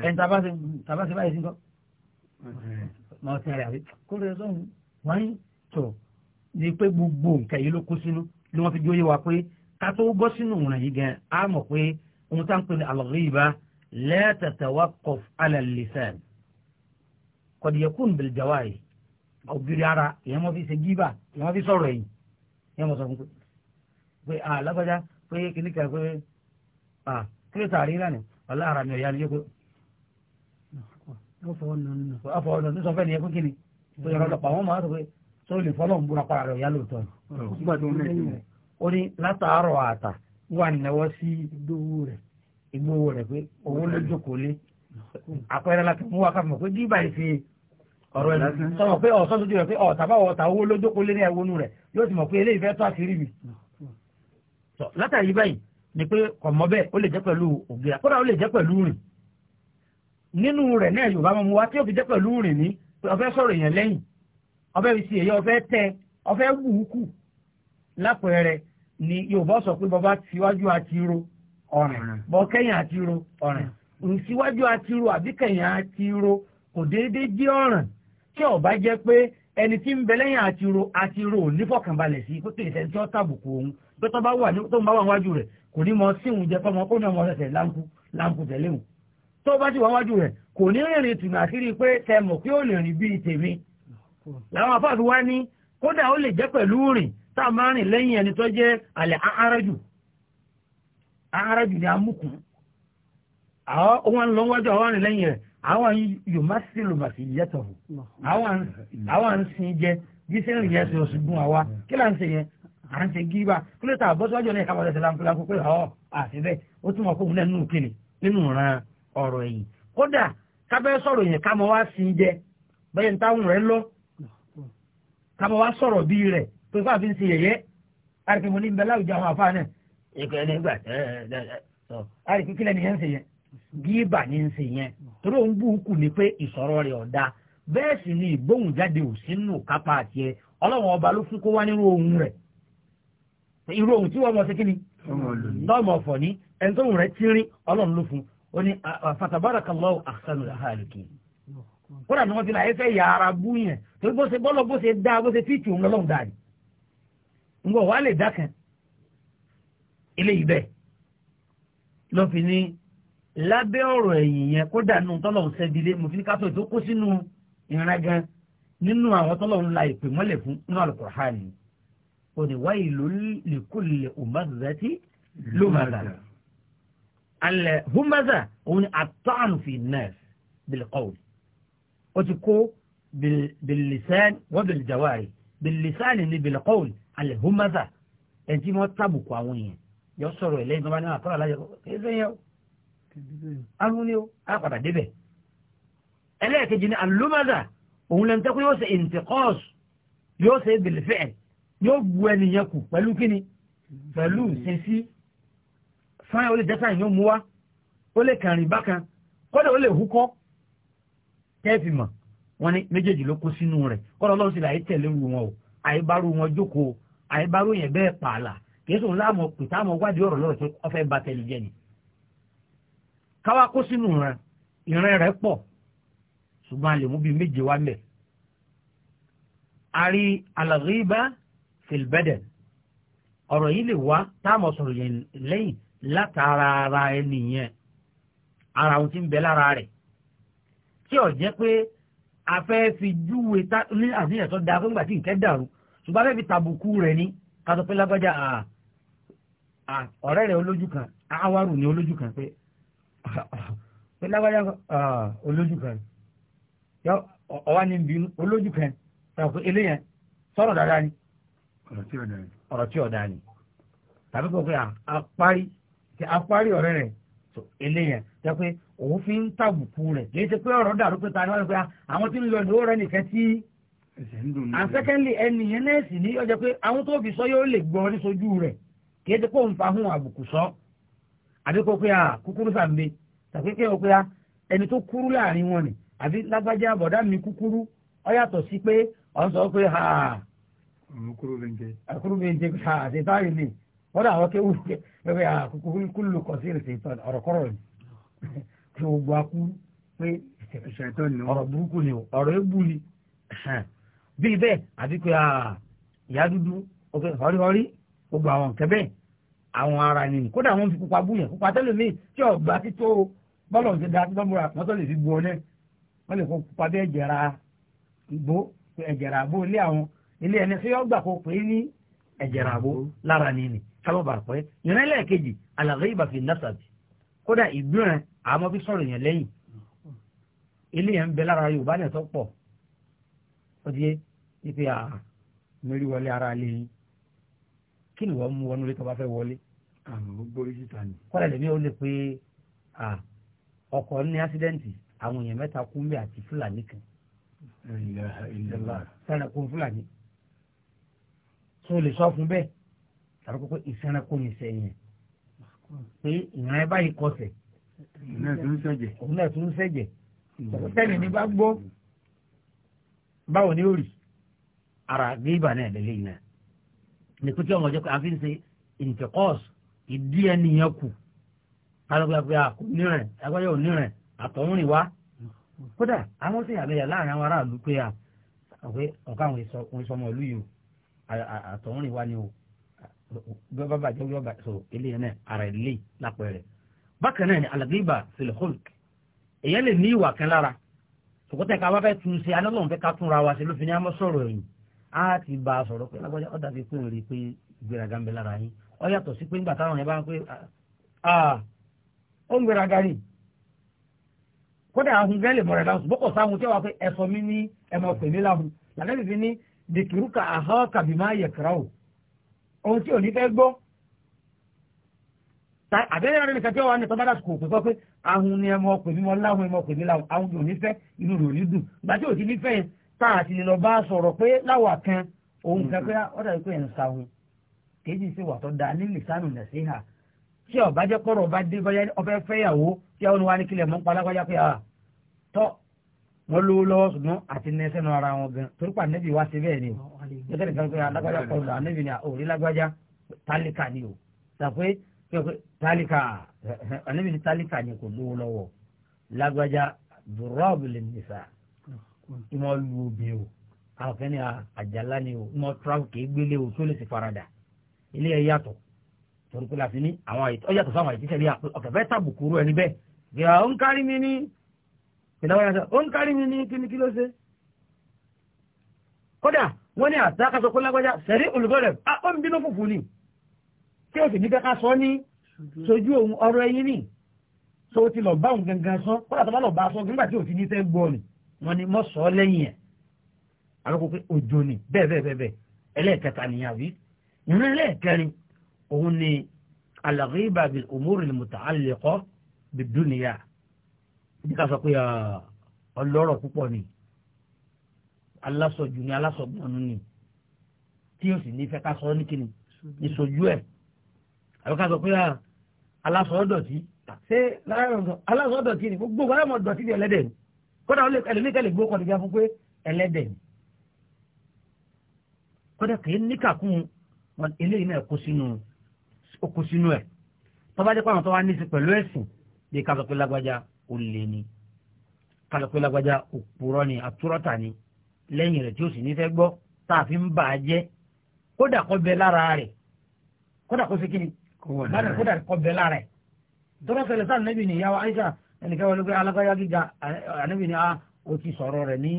ẹni tàbá ṣe báyìí sí nǹkan máa tẹ ara rẹ kó lè sọ wọn ń tọ ni pé gbogbo nǹkan yìí ló kó sínú ni wọn fi jóyè wa pé ká tó bọ́ sínú ìrìn yìí gan á mọ̀ pé ohun tá ń pè ní al-ghiba la tatawaqqaf ala al-lisan qad yakun ara ìyẹn wọn fi ṣe gíbà ìyẹn wọn fi sọ̀rọ̀ ẹ̀yìn ìyẹn wọn sọ fún pé pé à ah, lágbájá pé kíní kan pé à ah, kíló tààrí náà ni ọ̀la ara mi ò ni yé pé. ọfọwọ́ nínú sọ fẹ́ ni ẹ pé kíni pé ọlọ́pàá wọn máa sọ pé tó lè fọlọ́ ń búra para rẹ̀ ọ̀yá lóòótọ́ ni. ó ní látàárọ̀ àtà wà náwó sí ìgbówó rẹ̀ ìgbówó rẹ̀ pé owó ló jókòó lé àpẹẹrẹ láti mú wa ká mọ̀ pé bí báyìí fi ọ̀rọ̀ ẹ̀ sọ̀rọ̀ pé ọ̀sán tó ti rẹ̀ pé ọ̀tàbáwọ̀ ọ̀tà owó lójókòó lé ní ẹ̀wọ̀nù rẹ̀ yóò ti mọ̀ pé eléyìí fẹ́ tó àṣírí mi tọ látàrí báyìí ni pé ọmọ bẹ́ẹ̀ ó lè jẹ́ pẹ̀lú ògìrà kódà ó lè jẹ́ pẹ̀lú rìn nínú rẹ̀ náà yorùbá mọ̀ mu wá tí ó fi jẹ́ pẹ̀lú rìn ní ọfẹ́ sọ̀rọ̀ èèyàn lẹ́yìn ọfẹ́ fi si èyí ọfẹ́ tẹ ọfẹ́ wù ú kù lápẹẹrẹ ni yorùbá sọ pé bọba síwájú àti ro ọ̀rìn bọ kẹ́yìn àti ro ọ̀rìn síwájú àti ro àbí kẹ́yìn àti ro kò déédéé jẹ́ ọ̀rìn tí ó bá pé ẹni tí ń bẹ lẹ́yìn àti ro àti ro nífọ̀kànbalẹ̀ sí pé kìí sẹ́ni tí ó tàbùkù bá wà tó ń bá wà wájú rẹ̀ kò ní mọ jẹ ní ọmọ ọ̀sẹ̀ láńkú láńkú tẹ̀lé tó bá ti wà wájú rẹ̀ kò ní rìnrìn tùnú àṣírí pé tẹ mọ̀ pé ó lè rìn bíi tèmi làwọn kódà ó lè jẹ́ pẹ̀lú rìn tá a máa rìn lẹ́yìn ẹni tó jẹ́ àwọn ohun àwọn yomasilu masi yẹtọ àwọn ń sin jẹ jíṣẹ́ ń yẹ sọ ṣùgbọ́n àwa kí là ń ṣe yẹn à ń ṣe gíba kí ló ta bọ́sọ́jọ́ ní ìkàwọ́ ẹ̀sẹ̀ láńkúlá kó pé ọ́ àti bẹ́ẹ̀ ó túmọ̀ kó òun náà nínú kele nínú ran ọ̀rọ̀ ẹ̀yìn kódà kábẹ́ sọ̀rọ̀ yẹn ká mọ wá sin jẹ bẹ́ẹ̀ ń táwọn rẹ̀ lọ ká mọ wá sọ̀rọ̀ bí rẹ̀ pé fún àfi ń ṣe yẹ̀yẹ́ àrìkè mo ní bẹ́ẹ̀ láwùjọ àwọn àfáà náà ìkọ̀ ẹ̀ nígbà ẹ̀ ẹ̀ ẹ̀ ẹ̀ gíbà ní ń yẹn torí òun bú kù ní pé ìsọ̀rọ̀ rẹ̀ ọ̀dà bẹ́ẹ̀ ni ìgbóhùn jáde ò sínú kápá àti ẹ ọlọ́run ọba ló fún kó wá ohun rẹ̀ irú ohun tí wọ́n mọ̀ sí kí ni ọ̀fọ̀ ni ẹni tó ń rẹ̀ ọlọ́run ló fún ó ní kódà ni wọ́n ti náà ẹ̀fẹ́ yàrá bú yẹn torí bó ṣe bọ́lọ̀ bó ṣe dá bó ṣe ni ngbọ̀ wàá lè dákan eléyìí bẹ́ẹ̀ lábẹ́ ọ̀rọ̀ ẹ̀yìn yẹn kódà nù tọ́lọ̀ ń sẹ́dílé mo fi ní ká tó ètò kó sínú ìran gan nínú àwọn tọ́lọ̀ ń la ìpè mọ́lẹ̀ fún nínú Al-Qur'an ó ní wailul likulli humazati lumaza alẹ́ humaza òun ni at-ta'nu fi an-nas bil ó ti kó bil-lisan wa bil-jawari bil-lisan ni bil-qawl alẹ́ humaza ẹ̀ tí wọ́n tábùkù àwọn yẹn yọ arúgbó á padà débẹ̀ ẹlẹ́ẹ̀kejì ni alùmọ́dà òun lẹ́nu tẹ́kọ̀ yóò ṣe intikọ́s yóò ṣe bìlìfẹ́ yóò bu ẹnìyẹn kù pẹ̀lú kíni pẹ̀lú ṣẹ́sí fáyà ó lè jẹ́ta ìyẹn mú wa ó lè kàrin bákan kọ́dà ó lè húkọ́ kẹ́ẹ̀fì mọ̀ wọn ni méjèèjì ló kó sínú rẹ̀ kọ́dà ọlọ́run sì là yìí tẹ̀lé ru wọn o àyíbárò wọn jókòó àyíbárò yẹn bẹ́ẹ̀ pààlà kì í sòun láàmú pìtàmọ́ wádìí ọ̀rọ̀ lọ́rọ̀ tó ọ káwá kó sínú ìran ìran rẹ̀ pọ̀ ṣùgbọ́n a lè mú bíi méje wá mẹ́. a rí alàríbá filbẹ́dẹ̀ ọ̀rọ̀ yìí lè wá táàmù sọ̀rọ̀ yẹn lẹ́yìn látara ara ẹni yẹn ara ohun tí ń bẹ lára rẹ̀ tí ò jẹ́ pé a fẹ́ fi júwe ní àníyàn tó dáa fúngbà tí nǹkan dàrú ṣùgbọ́n a fẹ́ fi tàbùkù rẹ̀ ní kátó pé lágbájá ọ̀rẹ́ rẹ̀ olójú kan àwárù ní olójú kan pé tó lágbájá ah, olójú kan yọ ọwá ní bínú olójú kan yọ pé eléyẹn sọ̀rọ̀ dáadáa ni ọ̀rọ̀ tí ọ̀dáa ni tàbí kò pé ah, ọ̀rẹ́ rẹ̀ eléyẹn yọ pé òun fi ń tàbùkù rẹ̀ kì pé ọ̀rọ̀ dàrú pé wọ́n pé ah, àwọn tí ń lọ rẹ̀ nìkan tí and secondly náà sì ní pé àwọn tó fi sọ yóò lè ní sojú ti kó àbùkù sọ pé à kúkúrú sàmbe tàbí kí o pé a ẹni tó kúrú láàrin wọn ni àbí lágbájá bọ̀dá mi kúkúrú ọ yàtọ̀ sí pé ọ ń sọ pé ha kúrú bẹ́ńjẹ kúrú bẹ́ńjẹ ha ṣe báyìí ni wọ́n dà wọ́n kéwù pé ha kúlù kọ̀ sí ìrìnsè ìtọ́ ọ̀rọ̀kọ́rọ̀ ni kí o gbọ́ akú pé ọ̀rọ̀ burúkú ni o ọ̀rọ̀ ebu ni bíi bẹ́ẹ̀ àbí pé ìyá dúdú họríhọrí gbogbo àwọn nǹkan bẹ́ẹ̀ àwọn ara ni kódà wọ́n fi pupa bú yẹn pupa tẹ́lẹ̀ mi tí ọ̀gbà tító bọ́lọ̀ ti da tó múra wọ́n tó lè fi bu ọ náà wọ́n lè kó padà ẹ̀jẹ̀ra ìgbó ẹ̀jẹ̀ra àbó ilé àwọn ilé ẹni tí yọ́n gbà kó pé ní ẹ̀jẹ̀ra àbó lára ni nì sábàbà pẹ́ ìrẹ́lẹ̀ kejì àlàyé ìbàfi nasabi kódà ìgbìràn àmọ́ fi sọ̀rọ̀ yẹn lẹ́yìn ilé yẹn ń bẹ lára Yorùbá náà tó pọ̀ ó di ife à mérí wọlé ara lé yín kí ni wọ́n mú wọnú ilé tó bá fẹ́ wọlé. àwọn gbórí síta ni. kọ́lá lèmi ọkọ̀ ní ásídẹ́ǹtì àwọn èèyàn mẹ́ta kú mbẹ́ àti fúlàní kan sẹ́nẹ̀kú fúlàní tó lè sọ fún bẹ́ẹ̀ tàbí kókó ìsẹ́nẹ̀kú ní sẹ́yìn pé ìran ẹ báyìí kọsẹ̀ òun náà tún sẹ́jẹ̀ sẹ́ni ní bá gbọ́ báwo ni ó rí ara gbéba náà lélẹ́yìn náà ní kókó ọmọ ọjọ́ pé ń ṣe ìntẹ̀kọ́ọ̀sì ìdí ẹnìyàn kù kálọ́gbàgbà kò nírìn agbáyọ̀ ò nírìn àtọ̀hún ni wá kódà àwọn sì àbẹ̀yà láàrin àwọn aráàlú pé à pé ọ̀gá àwọn ìsọmọ ìlú yìí àtọ̀hún ni wá ni o bí ọba bàjẹ́ bí ọba sọ eléyìí náà ara ilé lápẹ̀rẹ̀ bákan náà ni alàgbébà silhulk èyẹ lè ní ìwà kan lára ṣùgbọ́n ká bá fẹ́ tún ṣe anọ́lọ́run fẹ́ ká tún ra wa ṣe ló fi ní àmọ́ sọ̀rọ̀ ẹ̀yìn á ti bá a sọ̀rọ̀ pé lágbájá ọ̀dà fi pé òun rí i pé ìgbéraga ń bẹ lára yín ó yàtọ̀ sí pé nígbà táwọn yẹn bá ń pé ó ń gbéraga ni kódà ahun gẹ́lì mọ̀rẹ̀ láhùn bókò sáhun tí wàá pé ẹ̀sọ́ mi ní ẹ̀mọ̀ pè mí láhùn fi ní dìkìrúkà àhọ́ kàbí máa o ohun tí ò ní fẹ́ gbọ́ àbẹ́rẹ́ rẹ̀ nìkan tí wọ́n ní tọ́ba dàsùkò kò sọ pé ahun ni ẹ̀mọ̀ pè mí mọ́ láhùn ẹ̀mọ̀ pè mí láhùn ahun tí ò ní fẹ́ inú rẹ̀ ò ní dùn gbà tí ò ti nífẹ̀ẹ́ tá a ti lọ bá sọ̀rọ̀ pé láwà kan òun kan pé ọ̀dà yìí pé tí ọba jẹ́ pọ̀rọ̀ ọba dé bọ́yá ọfẹ́ fẹ́yàwó tí àwọn olùwà ní kílẹ̀ mọ́ ń palágbájá pé à ah, tọ́ wọn lówó lọ́wọ́ ṣùgbọ́n àti nẹsẹ̀ nu ara wọn gan torí pa wá sí bẹ́ẹ̀ ni o jẹ́kẹ́ nìkan pé alágbájá pọ̀lù ànẹ́bí ni ah, òrí lágbájá tálíkà ni o tàpé tálíkà <laughs> ànẹ́bí ni tálíkà ni kò lówó lọ́wọ́ lágbájá dùrọ́ọ̀bù lè nìsa ìmọ̀ lu obì o àwọn kẹ́ni ah, àjàlá ni o ìmọ̀ tíráwù kì í gbélé o tó lè ti farada ilé ẹ̀ yàtọ̀ torí pé láti ní àwọn àyè ọjà tó sáwọn àyè tíṣẹ́ rí àpé ọ̀kẹ́ fẹ́ tàbùkúrú ẹni bẹ́ẹ̀ gbìyà ó ń kárí mi ní ìdáwọ́ yàtọ̀ ó ń kárí mi ní kíni kí ló ṣe. kódà wọ́n ní àtàkàsọ kó lágbájá sẹ̀rí olùgbọ́dẹ̀ ó ń bínú fùfú ni tí o sì ní kẹ́kẹ́ sọ ní sojú ohun ọ̀rọ̀ ẹyin ni tó o ti lọ bá òun gangan sọ kódà tó bá lọ bá a sọ nígbà tí o ti ní fẹ́ gbọ́ ni wọ́n ní mọ́ sọ lẹ́yìn ẹ̀ àlọ́kọ̀ pé òjò òun ni al-ghiba bil umur al-muta'alliqa bid-dunya bí ká sọ pé ọlọ́rọ̀ púpọ̀ ni alásọjù ni alásọgbọnù ni tí o sì ní fẹ́ ká sọ ní kíni ìṣojú ẹ̀ àbí ká sọ pé alásọdọ̀tí ṣé alásọdọ̀tí ni gbogbo ọ̀rẹ́ mọ̀ dọ̀tí ni ẹlẹ́dẹ̀ ni kódà ẹlòmíkẹ́ lè gbó kọ́ni fún pé ẹlẹ́dẹ̀ ni kódà kìí níkàkún eléyìí náà kó sínú ó kú sínú ẹ̀ tọ́ba jẹ́ pàmò tó wá ní í ṣe pẹ̀lú ẹ̀sìn bí ká sọ pé lágbájá ó lè ní ká pé lágbájá òpùrọ́ ni àtúrọ́tà ni lẹ́yìn rẹ̀ tí ó sì ní fẹ́ gbọ́ tá a fi ń bà á jẹ́ kódà kó bẹ lára rẹ̀ kódà kó ṣe kí ni kódà kó bẹ lára rẹ̀ tọ́lá sẹlẹ̀ sáà nẹ́bì ni ìyàwó Aisha ẹnìkan wọlé pé alágbáyà gíga ànẹ́bì ni ó ah, ti sọ̀rọ̀ rẹ̀ ní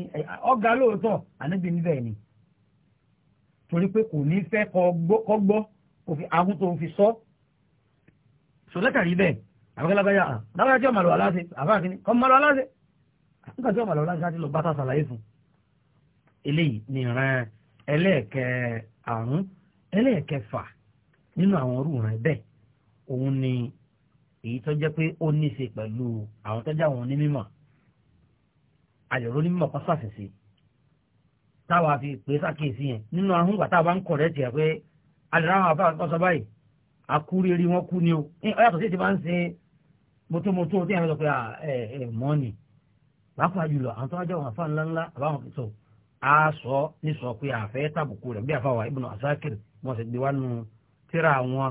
ọ̀gá lóòótọ́ ànẹ́bì níbẹ̀ ni torí pé kò ní fẹ́ kọ́ gbọ́ ahun tó ń fi sọ sọlẹ́kàrí bẹ́ẹ̀ àbẹ́kẹ́lágbáyà hàn lágbáyà tí ọmọ àlọ́ aláṣẹ àbáà kínní ọmọ àlọ́ aláṣẹ nígbà tí ọmọ àlọ́ aláṣẹ ti lọ bá tà sàlàyé fún eléyìí ní ìran ẹlẹ́ẹ̀kẹ́ àrùn ẹlẹ́ẹ̀kẹfà nínú àwọn orú rẹ̀ bẹ́ẹ̀ òun ni èyí tó jẹ́ pé ó ní í ṣe pẹ̀lú àwọn tó jẹ́ àwọn onímọ̀ àyọ̀rọ̀ onímọ̀ kan sàṣìṣe táwa fi pè é sàkíyèsí yẹn nínú ahùngbà táwa ń kọ̀ rẹ̀ tiẹ̀ pé àdìráwọn àfa àtọ́sọ báyìí àkúrí rí wọn kú ni o ọyàtọ̀ sí ti máa ń ṣe mọ́tòmọ́tò tí àwọn ọ̀pẹ mọ́ọ̀nì pàápàá jùlọ àwọn tó wájú àwọn àfa ńláńlá àbáwọn tó a sọ ní sọ pé àfẹ́ tàbùkù rẹ̀ bí àfàwà ibùnà àsákìr wọn sì gbé wá nu tíra wọn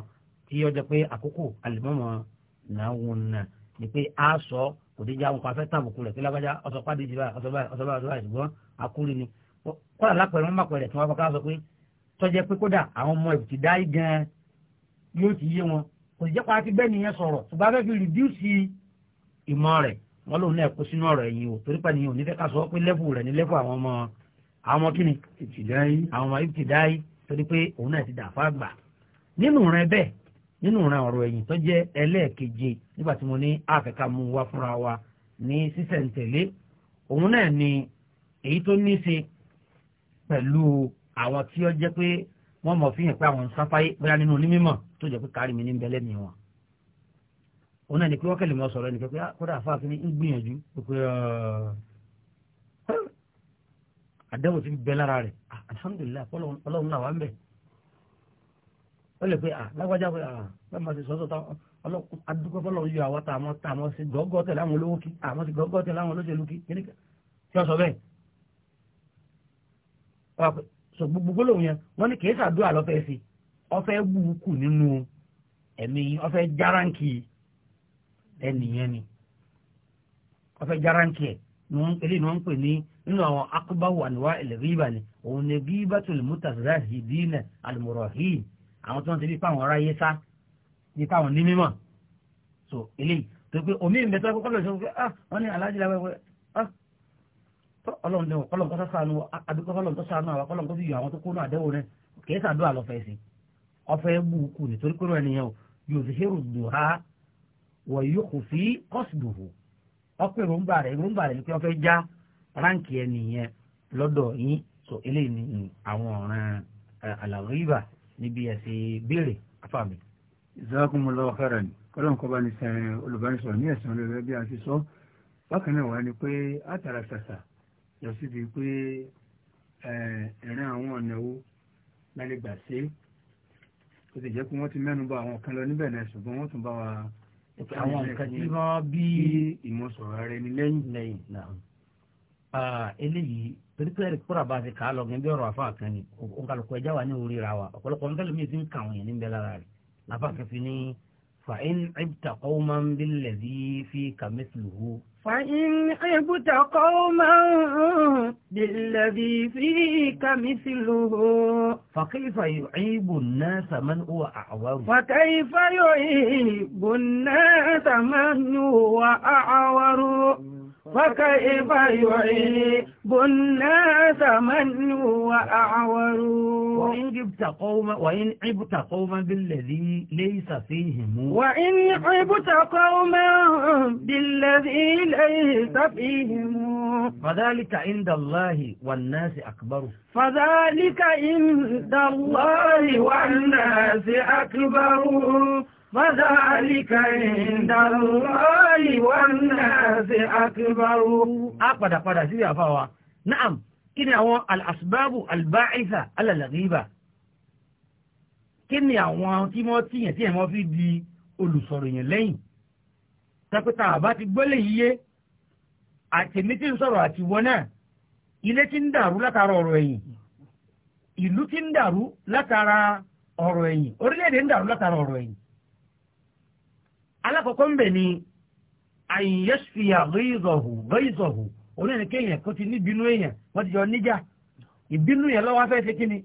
tí ọjọ́ pé àkókò àlìmọ́mọ́ náà wọn nà ni pé a sọ kò dé jáwọn kó afẹ́ tàbùkù rẹ̀ pé lágbájá ọ̀sọ̀ jìbá ọ̀sọ̀ báyìí ọ̀sọ̀ báyìí ṣùgbọ́n àkúrí ni kọ́lá lápẹ̀rẹ̀ wọn má pẹ̀rẹ̀ tí wọ́n tọ́jẹ́ pé kódà àwọn ọmọ ìbùtì dá gan yóò ti yé wọn kò sì jẹ́ pa ti bẹ́ẹ̀ nìyẹn sọ̀rọ̀ ṣùgbọ́n afẹ́ fi rìdíùsì ìmọ̀ rẹ̀ wọ́n lòun náà kó sínú ọ̀rọ̀ ẹ̀yìn o torí pẹ̀lú òní fẹ́ ká sọ pé lẹ́fù rẹ̀ ní lẹ́fù àwọn ọmọ àwọn ọmọ kíni àwọn ọmọ ìbùtì dá torí pé òun náà ti dà fún àgbà nínú rẹ bẹ́ẹ̀ nínú rẹ ọ̀rọ̀ ẹ̀yìn tó jẹ́ ẹlẹ́ẹ̀keje nígbà tí mo ní àfẹ́ká mú wa fúnra wa ní sísẹ̀ntẹ̀lé òun náà ni èyí tó ní í ṣe pẹ̀lú àwọn tí ó jẹ́ pé wọ́n mọ̀ fihàn pé àwọn ń sáfáyé bóyá nínú onímọ̀ tó jẹ́ pé kárí mi ní ń bẹ́lẹ́ mi wọn. òun náà ni pé wọ́n kẹ́lẹ̀ mọ́ sọ̀rọ̀ ẹnìkan pé ah, kódà afáàfin ń gbìyànjú pé ah, àdéhùn ti bẹ lára rẹ̀ ah, alhamdulilayi ọlọ́run náà wà ń bẹ̀. ó lè pe lágbájá pé bẹ́ẹ̀ máa ti sọ́sọ́ táwọn adúgbò fọlọ́run yọ àwọn tààmọ́ tààmọ́ sí gọ́gọ́ tẹ̀lé àwọn olówó kí àmọ́ sí gọ́gọ́ tẹ̀lé àwọn olóṣèlú kí kí ọ sọ bẹ́ẹ̀ sọ gbogbo gbólóhùn yẹn wọ́n ní kìí sàdúrà lọ́fẹ́ sí ọfẹ́ wù kù nínú ẹ̀mí ọfẹ́ járáǹkì ẹnìyẹn ni ọfẹ́ járáǹkì ẹ̀ eléyìí ni wọ́n ń pè ní nínú àwọn akúbáwò àníwá ẹ̀lẹ́gíbà ni òun ni gíbà tó lè mú tàṣírà ìdínà àlùmọ̀rọ̀hìn àwọn tó ń ti bí fáwọn ará yé sá bí fáwọn ní so eléyìí tó pé omi ìmẹ́tọ́ kọ́kọ́ lọ sí wọn pé ah wọ́n ní aláàjì lábẹ́ ọlọ́run dẹ̀wọ̀ kọ́lọ̀ kọ́ sánú àdúgbò kọ́lọ̀ tó sánú àwọn kọ́lọ̀ tó fi yọ àwọn tó kónú àdẹ́wò rẹ kìí sàdúrà lọ fẹ́ sí ọfẹ́ búukú fi ṣe ròdò ha wọ̀ yóò kò fi kọ́sìdòwò ọpẹ́ so eléyìí ni àwọn ọ̀ràn àlàríbà níbi ẹ̀sìn béèrè afáàmì. ìsọ́kùnmọ́lá ọ̀kẹ́rẹ̀ ni kọ́lọ́n kọ́ bá ní sẹ́yìn olùbánisọ̀rọ̀ ní ẹ̀sìn olórí ẹbí àti sọ bákan náà wà ní pé àtàrà lọ síbi pé ẹ̀rín àwọn ọ̀nà wo lálẹ́ gbà ṣe ó ti jẹ́ pé wọ́n ti mẹ́nu àwọn kan lọ níbẹ̀ náà ṣùgbọ́n wọ́n tún bá wa àwọn nǹkan tí wọ́n bí ìmọ̀sọ̀rọ̀ rẹ ni lẹ́yìn lẹ́yìn náà eléyìí torí pé kúrò àbáṣe kàá lọ gẹ́gẹ́ bí ọ̀rọ̀ àfa kan ni òǹkàlùkù ẹja wà ní orí ra wa ọ̀pọ̀lọpọ̀ nǹkan lómi ti ń kà wọ̀nyẹn níbẹ̀ lára rẹ̀ làbá fi ní fa'in ibta qawman billadhi fi kàmẹ́sìlúhu فإن عبت قوما بالذي فيك مثله فكيف يعيب الناس من هو أعور فكيف يعيب الناس من هو أعور فكيف يعيب الناس من هو أعور وإن عبت قوما وإن عبت قوما بالذي ليس فيهم وإن عبت قوما بالذي ليس فيهم فذلك عند الله والناس أكبر فذلك عند الله والناس أكبر فذلك عند الله والناس أكبر أقبل قد سيدي أفاوى نعم كنا هو الأسباب الباعثة على الغيبة kí ni àwọn tí wọ́n tíyàn tí wọ́n fi di olùsọ̀rọ̀ yẹn lẹ́yìn tẹpẹta àbá ti gbọ́lẹ̀ yíyé àtẹ̀mí tí ń sọ̀rọ̀ àti wọn náà ilé tí ń dàrú látara ọ̀rọ̀ ẹ̀yìn alákọ̀ọ́kọ́ ń bẹ̀ ni àyẹ̀sùfìyà ghayzahu ghayzahu òun náà ní kéèyàn kó ti níbinú èèyàn wọ́n ti jọ níjà ìbínú yẹn lọ́wọ́ fẹ́ ṣe kí ni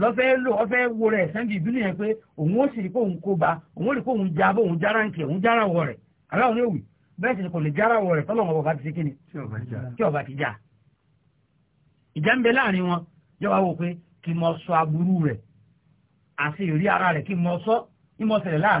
lọ́fẹ́ lò ọ́fẹ́ wo rẹ̀ sẹ́ńdì ìbínú yẹn pé òun ó sì rí pé òun kó ba òun ó rí pé òun já bó òun jára ń kì òun jára wọ rẹ̀ aláwọ̀ ní òwì bẹ́ẹ̀ sì kò lè jára wọ rẹ̀ tọ́lọ́wọ́ bá ti ṣe kí tí ọba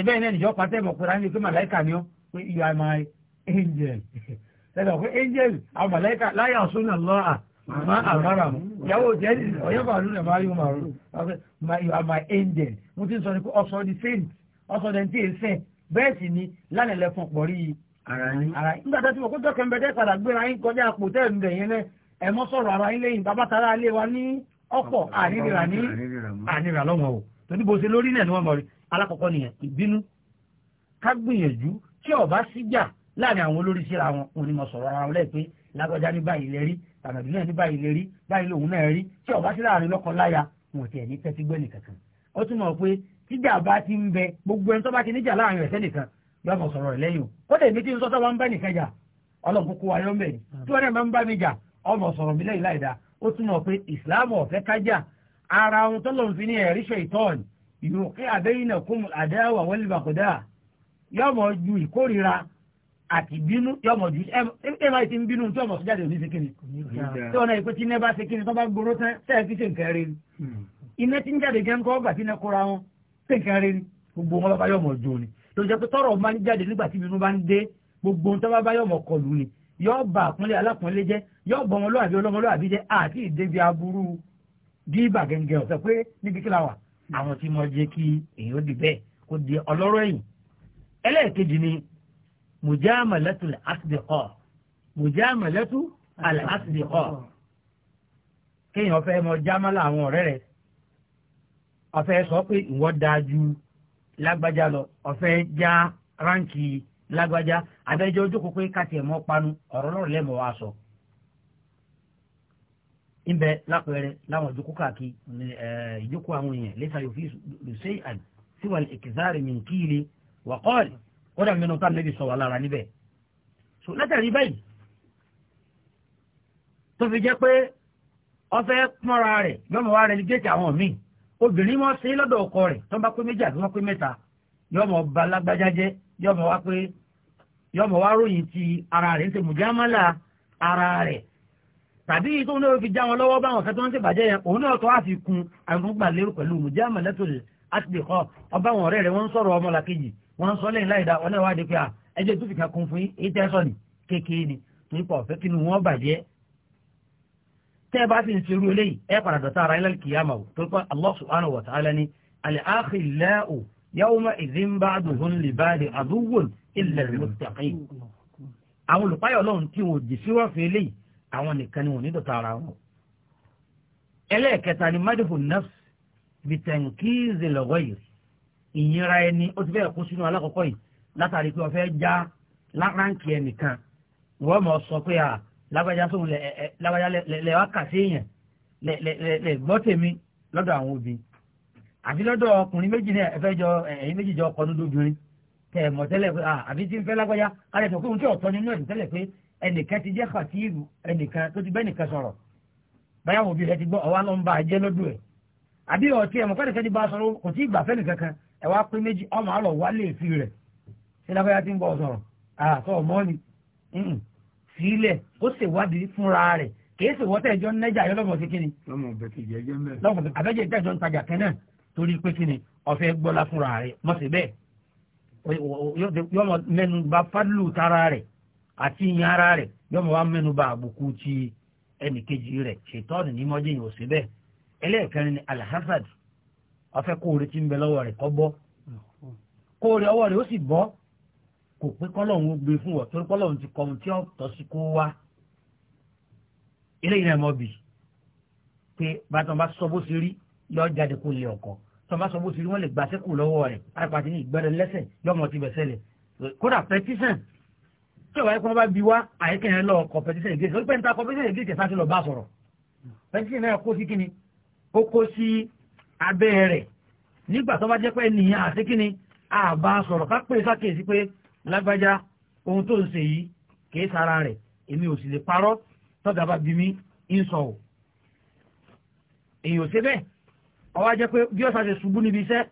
síbẹ̀ iná ìjọ pàtẹ́ mọ̀ pé ráńdí pé màláìkà ni ó pé you are my angel <laughs> ẹ̀dọ̀ pé angel àwọn màláìkà láyà ọ̀sùn náà lọ́à àmọ́ àmọ́ra mu ìyàwó jẹ́ ọ̀yọ́fà ọdún ẹ̀ máa yóò máa rò you are my angel mo ti sọ ni pé ọ̀sọ̀ di saint ọ̀sọ̀ dẹ̀ ti sẹ̀ bẹ́ẹ̀ sì ni lánàá lẹ́fọn pọ̀ rí ara yín nígbà tó ti mọ̀ pé dọ́kẹ́ mbẹ́dẹ́ padà gbéra yín kọjá àpò tẹ́ẹ̀ ń bẹ̀ yẹn náà ẹ̀ mọ́ sọ̀rọ̀ ara yín lẹ́yìn bàbá tara alẹ́ wa ní ọ̀pọ̀ àníra ní àníra lọ́wọ́ o torí bó ṣe lórí náà ni wọ́n mọ̀ rí alákọ̀ọ́kọ́ nìyẹn ìbínú ká gbìyànjú tí ó bá síjà láàrin àwọn olórí síra wọn òun ni mo sọ̀rọ̀ ara wọn lẹ́ẹ̀pẹ́ lágbájá ní báyìí lè rí tàbí náà ní báyìí lè rí báyìí lòun náà rí tí ó bá sí láàrin lọ́kọ láya wọn tiẹ̀ ní tẹ́tí gbẹ́nì kankan ó túmọ̀ pé tíjà bá ti ń bẹ gbogbo ẹni tó bá ti níjà láàrin rẹ̀ sẹ́nìkan yóò mọ̀ sọ̀rọ̀ rẹ̀ lẹ́yìn o kódà èmi tí ń sọ́tọ́ wọn ń bá nìkan jà ọlọ́run kúkú ara ohun tọ́lọ́run fi ní ẹ̀ríṣẹ́ ìrùkí àbẹ́yìnàkùn àdáwà wọlé bàkúdà yọmọ ju ìkórira àti bínú yọmọ ju ẹ máa ti ń bínú tí ọmọ sójà lè ní sikini tí wọn náà ìpètí iná bá sikini tó bá gbóró tán sẹ́yìn fi ṣe nǹkan iná tí ń jáde gẹ́gẹ́ kọ́ bàtí iná kóra wọn ṣe nǹkan gbogbo wọn bá yọmọ ju ni tó jẹ́ pé tọrọ máa ń jáde nígbà tí bínú bá ń dé gbogbo ohun tó bá bá yọmọ kọlù ni yóò bà àpọ́nlé alápọ́nlé jẹ́ yóò bọ̀ wọn lọ́wọ́ àbí àti ìdébi aburú bí ìbàgẹ́ngẹ́ ọ̀sẹ̀ pé níbi kíláwà àwọn tí wọ́n jẹ́ kí èèyàn di bẹ́ẹ̀ kó di ọlọ́rọ̀ ẹ̀yìn ẹlẹ́ẹ̀kejì ni mujamalatul asdiqa mujamalatul asdiqa kéèyàn fẹ́ mọ jámálà àwọn ọ̀rẹ́ rẹ̀ ọ̀fẹ́ sọ pé ìwọ dáa lágbájá lọ ọ̀fẹ́ já ránkì lágbájá abẹ́jọ́ ojókòó pé káàtì ẹ̀ mọ́ panu ọ̀rọ̀ lọ́rọ̀ lẹ́mọ̀ wá sọ ibẹ̀ lápẹẹrẹ láwọn ìjókòó káàkiri eh, ìjókòó àwọn èèyàn lẹ́sà yóò fi lùsẹ́ àn síwà ìkìsáàrì mi kí ilé wà kọ́ọ̀lì ó dàbí mẹ́nu táwọn ẹbí sọ̀rọ̀ lára níbẹ̀. so látàrí báyìí tó fi jẹ́ pé ọfẹ́ mọ́ra rẹ̀ yọmọ wa rẹ̀ ní géètì àwọn míì obìnrin wọn sí lọ́dọ̀ ọkọ rẹ̀ tó ń bá pé méjì àbí wọ́n pé mẹ́ta yọmọ ọba lágbájá jẹ́ yọmọ wa pé yọmọ wa ròyìn ti ara rẹ̀ ń ṣe mùjámálà ara rẹ̀ tàbí tó ní o fi já wọn lọ́wọ́ báwọn kẹtọ́ ń ṣèbàjẹ́ yẹn òun náà tó á fi kun àìfúngbà lérò pẹ̀lú mùjá mọ̀lẹ́tòlè àti dèkọ́ ọba àwọn ọ̀rẹ́ rẹ̀ wọ́n ń sọ̀rọ̀ ọmọlàkejì wọ́n ń sọ lẹ́yìn láìda wọn náà wá di pé à ẹjẹ́ tó fi kan kun fún yín tẹ́sán ni kékeré ni torí pa ọ̀fẹ́ kínú wọn bàjẹ́. tẹ́ ẹ bá ti ń ṣerú eléyìí ẹ padà dọ̀tá ara ilẹ̀ àwọn nìkan ni wọn ní dọ̀tà ara wọn. ẹlẹ́ẹ̀kẹta ni madihu nafs bìtẹ̀ǹkìzì lọ́wọ́ yìí ìyínra ẹni ó ti fẹ́ kó sínú alákọ̀ọ́kọ́ yìí látàrí pé wọ́n fẹ́ já láránkì ẹnìkan wọ́n mọ̀ sọ pé à lágbájá sóhun lágbájá lẹ wá kà sí èèyàn lẹ gbọ́ tèmi lọ́dọ̀ àwọn obì àti lọ́dọ̀ ọkùnrin méjì náà ẹ̀fẹ́ jọ ẹ̀yìn méjì jọ ọkọ̀ nínú tẹ̀ mọ̀ tẹ́lẹ̀ pé à àbí tí ń fẹ́ lágbájá kálẹ̀ tó kí tí ọ̀tọ̀ nínú ẹ̀dùn tẹ́lẹ̀ pé ẹnìkan ti jẹ́ khatiru ẹnìkan tó ti bẹ́ nìkan sọ̀rọ̀ báyà wò bí ẹ ti gbọ́ ọ̀wá ló ń ba àjẹ́ lọ́dún ẹ̀ àbí ọ̀tí ẹ̀ mọ̀kọ́ nìkan ti bá a sọ̀rọ̀ kò tí ì gbà fẹ́nì kankan ẹ̀ wá pé méjì ọmọ àlọ́ wá lè fi rẹ̀ sílábáyà ti ń bọ̀ sọ̀rọ̀ àtọ̀ mọ́ni sílẹ̀ ó ṣèwádìí fúnra rẹ̀ kìí ṣèwọ́ tẹ̀ ẹjọ́ nẹ́jà yọ lọ́mọ sí kíni. lọ́mọ bẹ̀tì jẹ́ jẹ́ ń tajà àti ìyìn ara rẹ̀ yọmọ wa mẹ́nu bà àbùkù ti ẹnìkejì rẹ̀ ṣètọ́ọ̀nù ní mọ́jẹ́ yìí ò sí bẹ́ẹ̀ ẹlẹ́ẹ̀kẹrin ni alhasad ọfẹ́ kóore ti ń bẹ lọ́wọ́ rẹ̀ kọ́ bọ́ kóore ọwọ́ rẹ̀ ó sì bọ́ kò pé kọ́lọ́hún ó gbé fún ọ torí kọ́lọ́hún ti kọ́ ohun tí ó tọ́ sí kó wá eléyìí náà mọ̀ bì pé bàtàn bá sọ bó ṣe rí yọ jáde kó lè ọkọ̀ tọ́ bá sọ bó ṣe rí wọ́n lè gbàṣẹ́kù lọ́wọ́ rẹ̀ àpàtì ní ìgbẹ́rẹ́ lẹ́sẹ̀ yọmọ ti bẹ̀ sẹ́lẹ̀ kódà pẹ́tísàn tí ìwà ẹ̀kọ́ bá bi wá àyíkẹ́ yẹn lọ competition against ó pẹ́ níta competition against ẹ̀sán ti lọ bá sọ̀rọ̀ competition náà kó sí kíni ó kó sí abẹ́ rẹ̀ nígbà tó bá jẹ́ pé nìyẹn àti kíni àbá sọ̀rọ̀ ká pè sákèsí pé lágbájá ohun tó ń ṣe yìí kìí sara rẹ̀ èmi ò sì lè parọ́ tọ́jà bá bí mi ń sọ ò èyàn ò ṣe bẹ́ẹ̀ ọwọ́ jẹ́ pé bí ọ̀sán ṣe ṣubú níbi iṣẹ́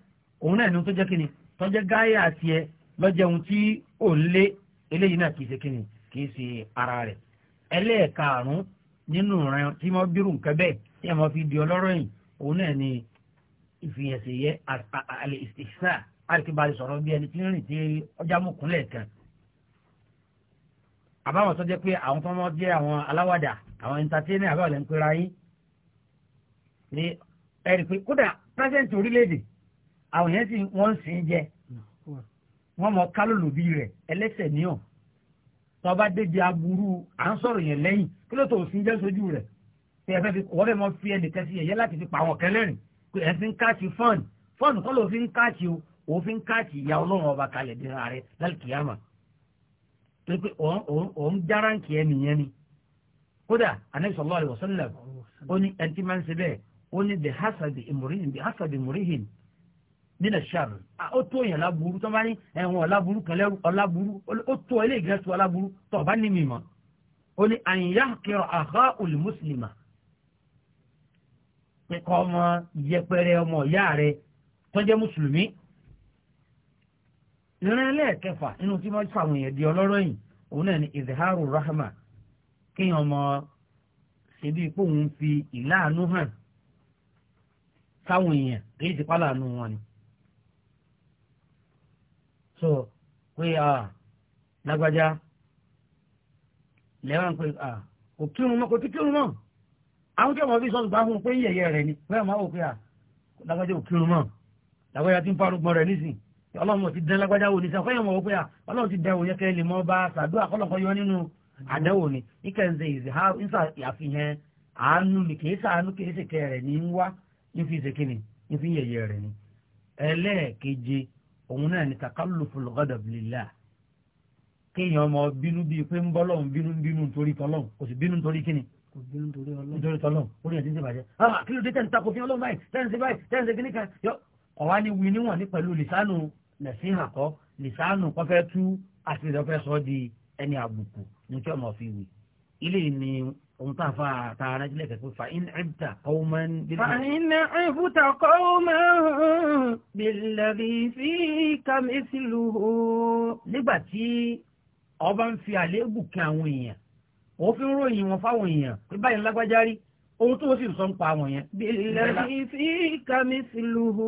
òun náà ni ohun tó jẹ́ kíni tọ́jẹ́ gáyà àti ẹ lọ́jẹun tí ò ń lé eléyìí náà kì í ṣe kíni kì í ṣe ara rẹ̀ ẹlẹ́ẹ̀karùn-ún nínú rẹ̀ tí wọ́n bírù nǹkan bẹ́ẹ̀ tí wọ́n fi di ọlọ́rọ̀ yìí òun náà ni ìfìyẹ̀sẹ̀yẹ àlẹ́ ìṣá àríkíbalẹ̀ sọ̀rọ̀ bí ẹni tí ń rìn tí ọjà mọ̀kúnlẹ̀ kan àbáwọn tó jẹ́ pé àwọn tó wọ́n jẹ́ àwọn aláwàdà àwọn entertainer àbáwọn lè ń pera yín ni ẹ̀rì pé kódà pẹ́sẹ̀ntì orílẹ̀-èdè àwọn yẹn sì wọ́n ń sìn wọ́n mọ kálòlòbí rẹ̀ ẹlẹ́sẹ̀ níyàn tó bá débi aburú à ń sọ̀rọ̀ yẹn lẹ́yìn kí ló tó òfin jẹ́ sójú rẹ̀ pé ẹ fẹ́ fi wọ́n fẹ́ mọ fi ẹnìkan sí ẹ̀yẹ́ láti fi pa àwọn kẹlẹ́rìn pé ẹ fi ń káàtì fọ́ọ̀nù fọ́ọ̀nù kọ́ ló fi ń káàtì o òun fi ń káàtì ìyá ọlọ́run ọba kalẹ̀ di ara rẹ̀ lálùkìyàmà pé pé òun járáǹkì ẹ nìyẹn ni kódà anabi sallallahu alaihi wasallam ó ní ẹni tí máa ń ṣe bẹ́ẹ̀ ó ní bẹ́ẹ̀ hasabi imurihin bẹ́ẹ̀ hasabi imurihin nílẹ̀ ṣàrù ó tó èèyàn láburú tó bá ní ẹ̀wọ̀n ọ̀làburú kan lẹ́rú ọ̀làburú ó tó ilé ìgbésù ọ̀làburú tó bá ní mímọ́ ó ní àyìnyá kẹrọ àhá olùmùsùlùmà pẹ̀kọ́ ọmọ yẹpẹrẹ ọmọ ìyá rẹ tó jẹ́ mùsùlùmí. ìran ẹlẹ́ẹ̀kẹfà nínú tí wọ́n fà wọ̀nyẹn di ọlọ́rọ̀ yìí òun náà ni ìdìhárù rahma kéèyàn ọmọ ṣebí pé òun fi ìláàánú hàn sáwọn èèyàn kì í ti pálánú wọn ni so pé a lágbájá lẹ́wọ̀n pé a kò kírun mọ́ kò tí kírun mọ́ àwọn tí wọ́n fi sọ́ọ̀tù bá fún un pé ni máa wò pé lágbájá kírun lágbájá ti ń farugbọn rẹ̀ nísìn ọlọ́run ti dẹ́ lágbájá wò ní sẹ́kọ́ yẹn mọ̀ wò pé à ọlọ́run ti dẹ́ kẹ́ lè mọ́ bá sàdúrà yọ nínú àdẹ́wò ni òun náà ni takalluful ghadab lillah kéèyàn ọmọ bínú bíi pé ń bọ́ lọ́hùn bínú bínú torí tọ́lọ́hùn kò sì bínú torí kíni kò bínú torí ọlọ́hùn torí tọ́lọ́hùn orí ẹ̀ ti ń ṣe bàjẹ́ ah kí ló dé tẹ̀sí takò fi ọlọ́hùn báyìí tẹ̀sí báyìí tẹ̀sí kíní kan yọ ọ̀wá ni wí níwọ̀n ní pẹ̀lú lìsánù nàṣíhà kọ́ lìsánù kọ́fẹ́ tú àti ìdọ́fẹ́ sọ di ẹni àbùkù ní tí ọmọ fi wì ilé ni ohun tá a fa àtàrà jílẹ̀ kẹ́kẹ́ fa in ẹ̀bùtà qawman bílẹ̀. fa in ẹ̀bùtà qawman billadhi fika mithluhu. nígbà tí ọba ń fi àléébù kan àwọn èèyàn wọ́n ròyìn wọn fáwọn èèyàn pé báyìí lágbájá rí ohun tó sì sọ ń pa àwọn yẹn. billadhi fika mithluhu.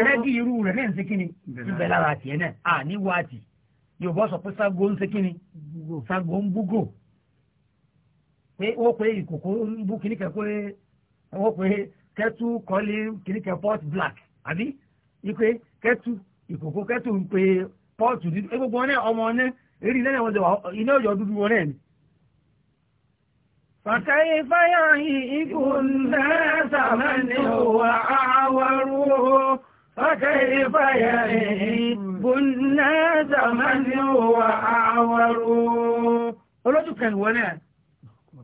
ẹrẹ́gì irú rẹ̀ náà ń ṣe kíni lára tiẹ̀ náà à ní wáàtì sọ pé sago ń ṣe kíni sago ń búgò. pé wọ́n pé ìkòkò ń bú kìíní pé wọ́n pé kẹ́tù kọ́lé pot black àbí ipe kẹ́tù ìkòkò kẹ́tù ń pe pot dúdú gbogbo wọn ọmọ náà eré lẹ́yìn wọn iná dúdú wọn ni. olójú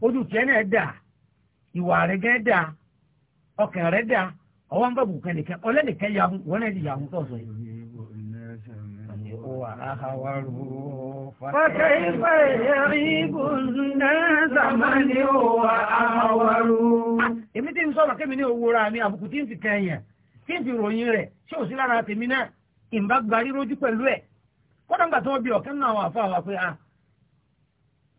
ojú tiẹ̀ náà dà ìwà rẹ̀ gẹ́ dà ọkàn rẹ̀ dà ọwọ́n bá bùkún nìkan ọlẹ́nìkan yahun na náà di yahun tó sọ èmi tí ń sọ̀rọ̀ kémi ní owó ra mi àbùkù tí ń fi tí ń fi ròyìn rẹ̀ ṣé ò sí lára tèmi náà ìmbá gbarí pẹ̀lú ẹ̀ kọ́dọ̀ ń gbà wọ́n bí ọ̀kẹ́ náà wà fún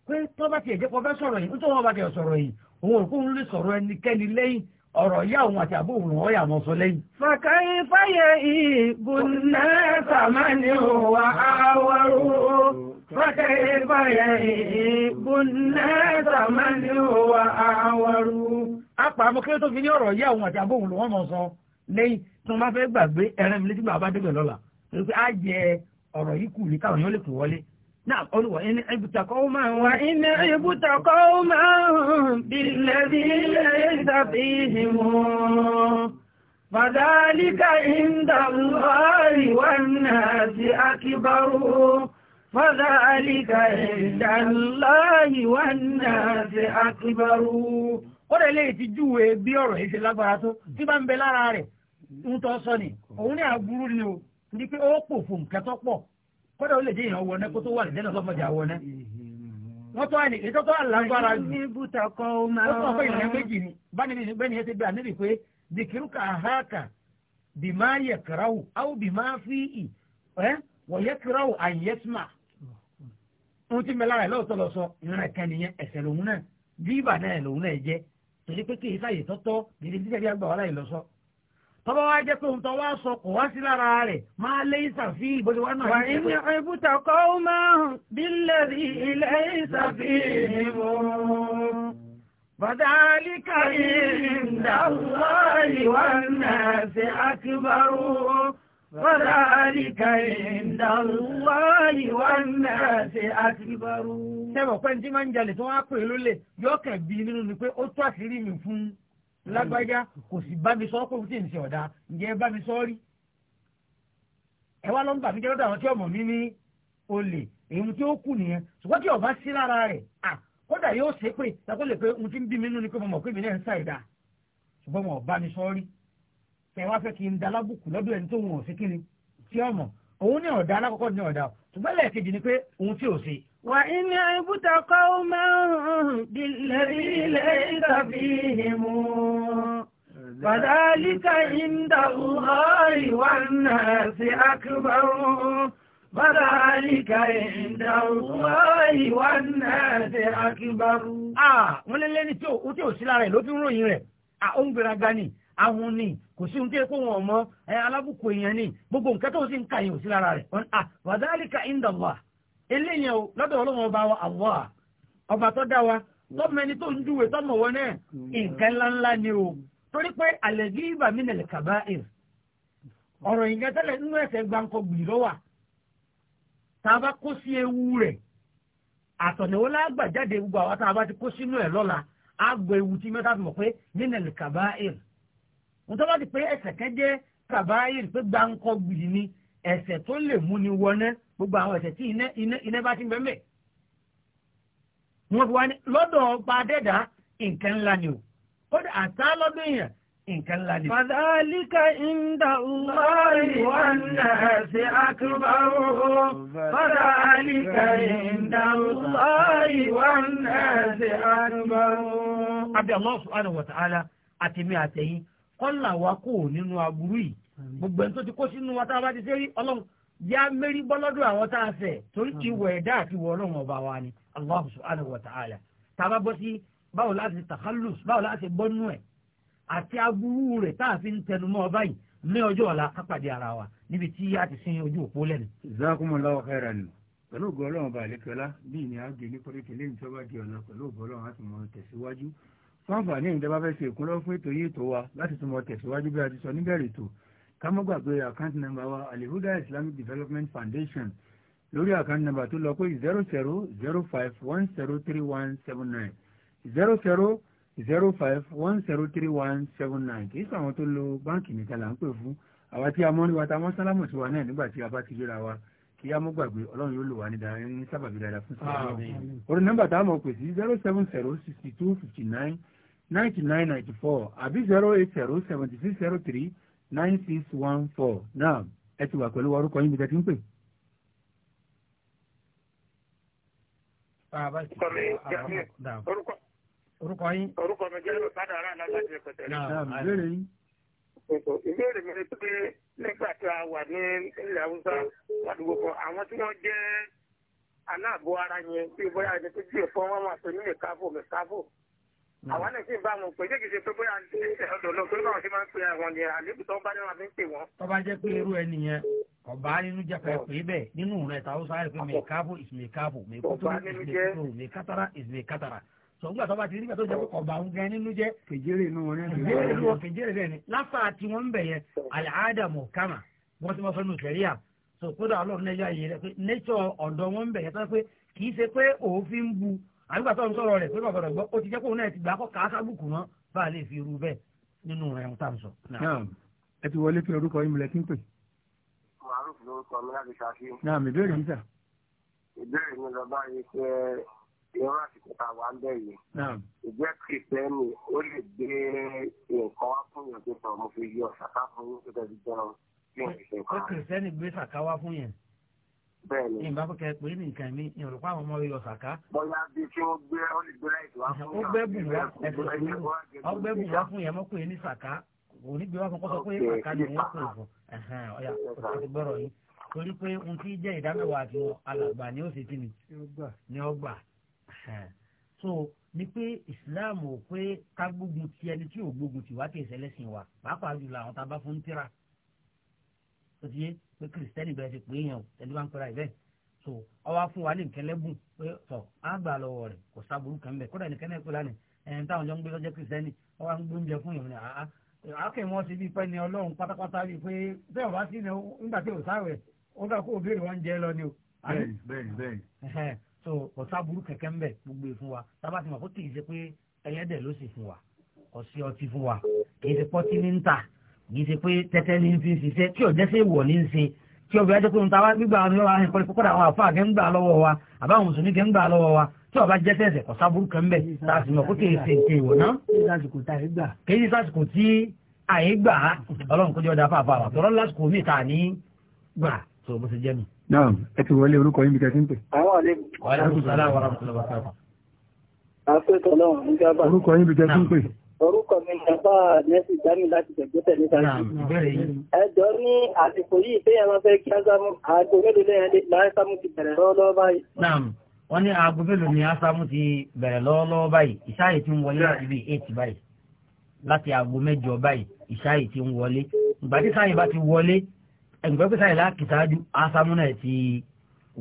pé tó bá tiẹ̀ jẹ́ pọ̀ fẹ́ sọ̀rọ̀ yìí nítorí wọn bá tiẹ̀ sọ̀rọ̀ yìí òun òkú ń lè sọ̀rọ̀ ẹnikẹ́ni lẹ́yìn ọ̀rọ̀ ìyá òun àti àbó òun ọ̀yà mọ́ sọ lẹ́yìn. fàkàyí fàyè ìbùnà sàmánì wà áwárò fàkàyí fàyè ìbùnà sàmánì wà áwárò. apá amọ̀kẹ́ tó fi ní ọ̀rọ̀ ìyá òun àti àbó òun lòun mọ̀ sọ lẹ́yìn tí wọ́n bá fẹ́ gbàgbé ẹran mi létí bàbá débẹ̀ lọ́la pé á jẹ ọ̀rọ̀ yìí kù ní káwọn yóò lè kù wọlé نعم قل وإن عبت قوما وإن عبت قوما بالذي ليس فيهم فذلك عند الله والناس أكبر فذلك عند الله والناس أكبر ó rẹ̀ lè ti júwe bí ọ̀rọ̀ yìí ṣe lágbára tó tí bá sọ ó kódà ó lè jẹ́ èèyàn wọnẹ́ kó tó wà nìjẹ́ náà lọ́mọdé àwọnẹ́ wọ́n tọ́ ẹni ètò tó àlágbára ju ó tọ́ pé ìrìn méjì ni báni ní bẹ́ni ẹ ti bẹ́ẹ̀ níbi pé dìkìrúkà àhákà bìmá yẹkìráwù áwù bìmá fíì ẹ wọ̀ yẹkìráwù àyẹ̀sùmá ohun tí mẹ́lára ẹ̀ lọ́wọ́ tọ́lọ sọ ìran ẹ̀ka nìyẹn ẹ̀sẹ̀ lòun náà bíbà náà lòun náà jẹ́ torí pé kí ìsáyè tọ́tọ́ gidi tọ́ba wá jẹ́ pé òun tó wá sọ kò wá sí lára rẹ̀ máa lé ìsàfí ìbòdì wá náà. wà á ní ìbúta kọ́ ó máa hàn bí lẹ́rì ilé ìsàfí ìbò. فذلك عند الله والناس أكبر فذلك عند الله والناس أكبر. ṣé mo ní tí máa ń jalè tí wọ́n á pè lólè yóò bí nínú ni pé ó tó àṣírí mi fún un lágbájá kò sì bá mi sọ pé òun sì ń ṣe ọ̀dà ǹjẹ́ bá mi sọ rí ẹ wá ló ń bà mí jẹ́ lọ́dọ̀ àwọn tí ọmọ mi ní olè èyí tí ó kù nìyẹn ṣùgbọ́n tí ọba sí lára rẹ̀ à kódà yóò ṣe pé tako lè pé ohun tí ń bí mi nú ni pé mo mọ̀ pé mi náà ń sa ìdá ṣùgbọ́n mo bá mi sọ rí ẹ wá fẹ́ kí n da lábùkù lọ́dọ̀ ẹni tó wọn ò sí kí ni tí ọmọ òun ní ọ̀dà alákọ̀ọ́kọ́ وإن عبت قوما بالذي ليس فيهم فذلك عند الله والناس أكبر فذلك عند الله والناس أكبر Ah, wọ́n lé lẹ́ni tí ò sí lára ẹ̀ ló fi ń ròyìn rẹ̀. À ó ń gbéraga ni, àwọn ni, kò sí ohun tí kò wọ́n mọ́, alábùkù èèyàn ni, gbogbo nǹkan tó sì ń kà ò sí lára rẹ̀. Wọ́n ní, ah, eléyìn o lọ́dọ̀ ọlọ́run ọba wa Allah ọba tó dá wa tọ́mọ ẹni tó ń júwe tọ́mọ wọn náà nǹkan ńláńlá ni o torí pé àlẹ́gí ibà mí nílẹ̀ kàbá ẹ̀ ọ̀rọ̀ ìgbà tẹ́lẹ̀ nínú ẹ̀sẹ̀ gbáǹkọ gbì lọ́wà tá a bá kó sí ewu rẹ̀ àtọ̀nẹ̀wò lágbà jáde gbogbo àwọn tá a bá ti kó sínú ẹ̀ lọ́la á gbọ́ ewu tí mẹ́ta fi mọ̀ pé mí kàbá ẹ̀ wọ́n tó bá ti pé ẹ̀sẹ̀ kẹ́jẹ́ kàbá ẹ̀ pé gbáǹkọ gbì ni ẹ̀sẹ̀ tó lè múni wọnẹ́ gbogbo àwọn ẹ̀ṣẹ̀ tí iná bá ti ń bẹ́ẹ̀ wọ́n fi wá ní lọ́dọ̀ ọba dẹ́dà nǹkan ńlá ni o ó dà àtá lọ́dọ̀ èèyàn nǹkan ńlá ni. fàdálíkà ìndà ọlọ́ọ̀rì wọn náà ṣe àkúbárò fàdálíkà ìndà ọlọ́ọ̀rì wọn náà ṣe àkúbárò. àbí Allah subhanahu wa ta'ala àtẹ̀mí àtẹ̀yìn kọ́ńlá wa kò nínú aburú yìí gbogbo ẹni tó ti kó sínú wa tá a bá ti ṣe rí ọlọ́run já mérí bọ́lọ́dọ̀ àwọn tá a fẹ́ torí ti hmm. wọ ẹ̀dá àti wọ ọlọ́run ọba wa ni allah subhanahu wa ta'ala tá a bá bọ́ sí báwo láti takhallus báwo láti bọ́nú ẹ̀ àti aburú rẹ̀ tá a fi ń tẹnumọ́ ọba yìí ní ọjọ́ ọ̀la kápàdé ara wa níbi tí a ti sin ojú òpó lẹ́nu. jazakumullahu khairan nù pẹ̀lú ògbó ọlọ́run ọba àlékẹ́lá bí ìní àgbè ní pọ́lẹ́tì lẹ́yìn tí wọ́n bá di ọ̀la pẹ̀lú ògbó ọlọ́run ti mọ tẹ̀síwájú fún àǹfààní ìjọba fẹ́ ṣe fún ètò yìí tó wa láti tún mọ tẹ̀síwájú bí a ti sọ níbẹ̀rẹ̀ tó ká má gbàgbé àkáǹtì nọ́mbà wa alihuda islamic development foundation lórí àkáǹtì nọ́mbà tó lọ pé zero zero zero five one zero three one seven nine zero zero zero five one zero three one seven nine kì í sọ àwọn tó lo báǹkì nìkan là ń pè fún àwa tí a mọ́ níwájú àwọn sálámù sí wa náà nígbà tí a bá ti ríra wa kí a mọ́ gbàgbé ọlọ́run yóò lò wá ní dáadáa ní sábàbí dáadáa fún sábàbí. orí nọ́mbà tá a mọ̀ pè zero seven zero sixty two fifty nine ninety nine ninety four àbí zero eight zero seventy six zero three nine six one four náà ẹ ti wà pẹ̀lú orúkọ yín bí tẹ́tí ń pè. orúkọ yín. orúkọ mi jẹ́ olùkádà ara alága ti pẹ̀tẹ́. náà ìbéèrè yín. ìbéèrè mi ni pé nígbà tí a wà ní ilẹ̀ haúsá ládùúgbò kan àwọn tí wọ́n jẹ́ aláàbò ara yẹn bí bóyá ẹni tó jù fún wọn máa sọ ní ìkáfò mẹ́káfò. àwọn náà sì ń bá wọn pé kéèkì ṣe pé bóyá ọ̀dọ̀ lọ pé báwọn ṣe máa ń àwọn ni àlébù tó ń bá níwọ̀n fi ń pè wọ́n. tó jẹ́ pé irú ẹni yẹn ọba nínú jẹpẹ pé bẹ́ẹ̀ nínú rẹ̀ tàwọn sáré pé mèkáàbò is mèkáàbò mèkótó is mèkótó mèkátara is katara sọgbà ti nígbà tó jẹ́ pé ọba ń nínú jẹ́. inú wọn wọn bẹ́ẹ̀ ni àgbà tó ń sọ̀rọ̀ rẹ̀ pé bàbá gbọ́ ó ti jẹ́ kóun náà ti gbà kọ́ káàkà bùkù náà bá a lè fi irú bẹ́ẹ̀ nínú ẹ̀hún tá à ń sọ. ẹ ti wọlé fi orúkọ yín múlẹ̀ kí n pè. Maruf lórúkọ mi láti ṣàfihàn. náà mi béèrè níta. ìbéèrè mi lọ báyìí pé irun àsìkò tá a wà ń bẹ̀ yìí. ìjẹ́ kìrìsìtẹ́nì ó lè gbé nǹkan wá fún yàn pé sọ̀rọ̀ mo fi yọ bẹ́ẹ̀ni. ìgbà pẹ̀kẹ́ pé ní nǹkan mi ni òrùpá àwọn ọmọ rẹ̀ yọ sàká. bóyá bí kí ó gbé olùgbéra ètò wá fún yẹn. ó gbẹ́bùn wá ẹ̀sìn sùúrù ó gbẹ́bùn wá fún yẹn mọ́ pé ní sàká onígbé wá fún kọ́sọ́ pé sàká ni wọ́n pè fún ọ̀yà kò ti gbọ́rọ̀ yìí torí pé ohun tí jẹ́ ìdámẹ́wàá àti alàgbà ni ó ṣe kí ni ni ó gbà so ni pé ìsìláàmù pé ká gbógun ti ẹni tí ò gbógun tì kì í ṣẹlẹ́sìn ó ti yé pé kìrìsìtẹ́nì bẹ́ẹ̀ ti pè é yàn ẹni bá ń pera ìbẹ́ so ọwọ́ fún wa ní nǹkan lẹ́bùn pé tọ̀ á gbà lọ́wọ́ rẹ̀ kò sábòrú kan bẹ́ẹ̀ kódà nìkan náà pé lánàá ẹ̀yìn táwọn jọ ń gbé lọ́jọ́ kìrìsìtẹ́nì ọwọ́ ń gbóúnjẹ fún yàn ní àá àákẹ́ wọn ti bí pẹ́ni ọlọ́run pátápátá bíi pé bẹ́ẹ̀ wá sí nígbà tí ò sáwẹ̀ ó gbà kó òbéèrè wọn jẹ lọ ni o. bẹ́ẹ̀ni bẹ́ẹ̀ni bẹ́ẹ̀ni. so kò sábòrú kẹ̀kẹ́ ńbẹ̀ gbogbo ìfún wa tábà ti mọ̀ kó kì í ṣe pé ẹlẹ́dẹ̀ ló kì í ṣe pé tẹ́tẹ́ ní fi ṣiṣẹ́ tí ò jẹ́sẹ̀ wọ̀ ní ṣe tí ọbẹ̀ ajẹ́ pé nta wá gbígbà wọn lọ́wọ́ àwọn ìkọlẹ̀ kókòrò àwọn àfáà kẹ́ ń gbà lọ́wọ́ wa àbáwọn mùsùlùmí kẹ́ ń wa tí ọba jẹ́ tẹ̀sẹ̀ kọ̀ sábúrú kan bẹ̀ láti mọ̀ kó kè é ṣe nǹkan ìwò náà. kì í ṣe lásìkò tí àyè gbà á ọlọ́run kó jẹ́ ọ̀dà fáfá wa tọ́lọ́ lásìkò mi ta ní gbà tó bó ṣe jẹ́ mi. náà ẹ ti wọlé orúkọ yín bí kẹ́ ń pè. àwọn àlejò orúkọ mi nípa nẹ́sì dámì láti tẹ̀gbọ́ tẹ̀lé sára. ẹjọ́ ní àsìkò yìí pé ẹran fẹ́ kí ásámù àgbo mélòó lẹ́yìn láìsámù ti bẹ̀rẹ̀ lọ́wọ́lọ́wọ́ báyìí. wọ́n ní aago mélòó ni ásámù ti bẹ̀rẹ̀ lọ́wọ́lọ́wọ́ báyìí ìṣáyè ti ń wọlé láti bíi eight báyìí láti aago mẹ́jọ báyìí ìṣáyè ti ń wọlé ìgbà tí sáyè bá ti wọlé ẹgbẹ́ pé sáyè láti ṣáájú ásámù náà ti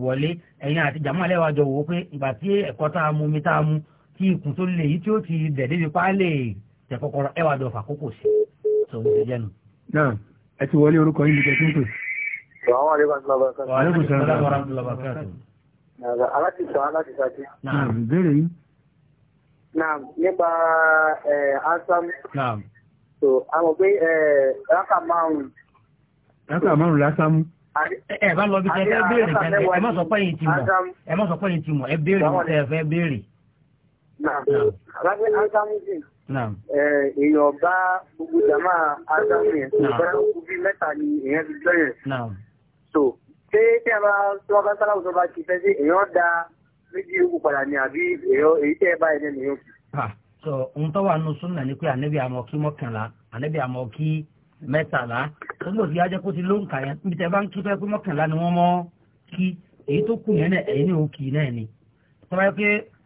wọlé ẹ̀yin àti jàmọ́lẹ́ wa jọ wò ó tẹ kọ́kọ́rọ́ ẹ wà dọ̀ fà kókò sí tó ń jẹ́ nu. náà ẹ ti wọlé orúkọ yín nígbà tí ń pè. Àwọn àlejò àti lọ́ba kan. Àwọn àlejò àti lọ́ba kan. Aláṣìṣọ́ aláṣìṣàjì. Náà ìbéèrè yín. Náà nípa Ansam. Náà. So àwọn pé rákà márùn-ún. Rákà márùn-ún lásámú ẹ bá lọ bí tẹ fẹ́ béèrè tẹ́lẹ̀ ẹ má sọ pé yìí ti mọ̀ ẹ má sọ pé yìí ti mọ̀ ẹ béèrè tẹ fẹ́ béèrè èèyàn bá gbogbo jama adamu yẹn tó bá kú bí ni èèyàn ti jọ yẹn so ṣé tí a bá tí wọ́n bá sára òtún bá ti fẹ́ sí èèyàn da méjì yòókù padà ni àbí èyí tẹ́ ẹ bá yẹn nìyẹn. so ohun tó wà nínú súnmọ̀ ni pé ànábì àmọ́ kí mọ́kànlá ànábì àmọ́ kí mẹ́tàlá tó ń lò sí ajẹ́ kó ti ló ń kà yẹn níbi tẹ́ bá ń kí pé mọ́kànlá ni wọ́n mọ́ kí èyí tó kù yẹn náà ẹ̀yìn ní òkì náà ni tó pé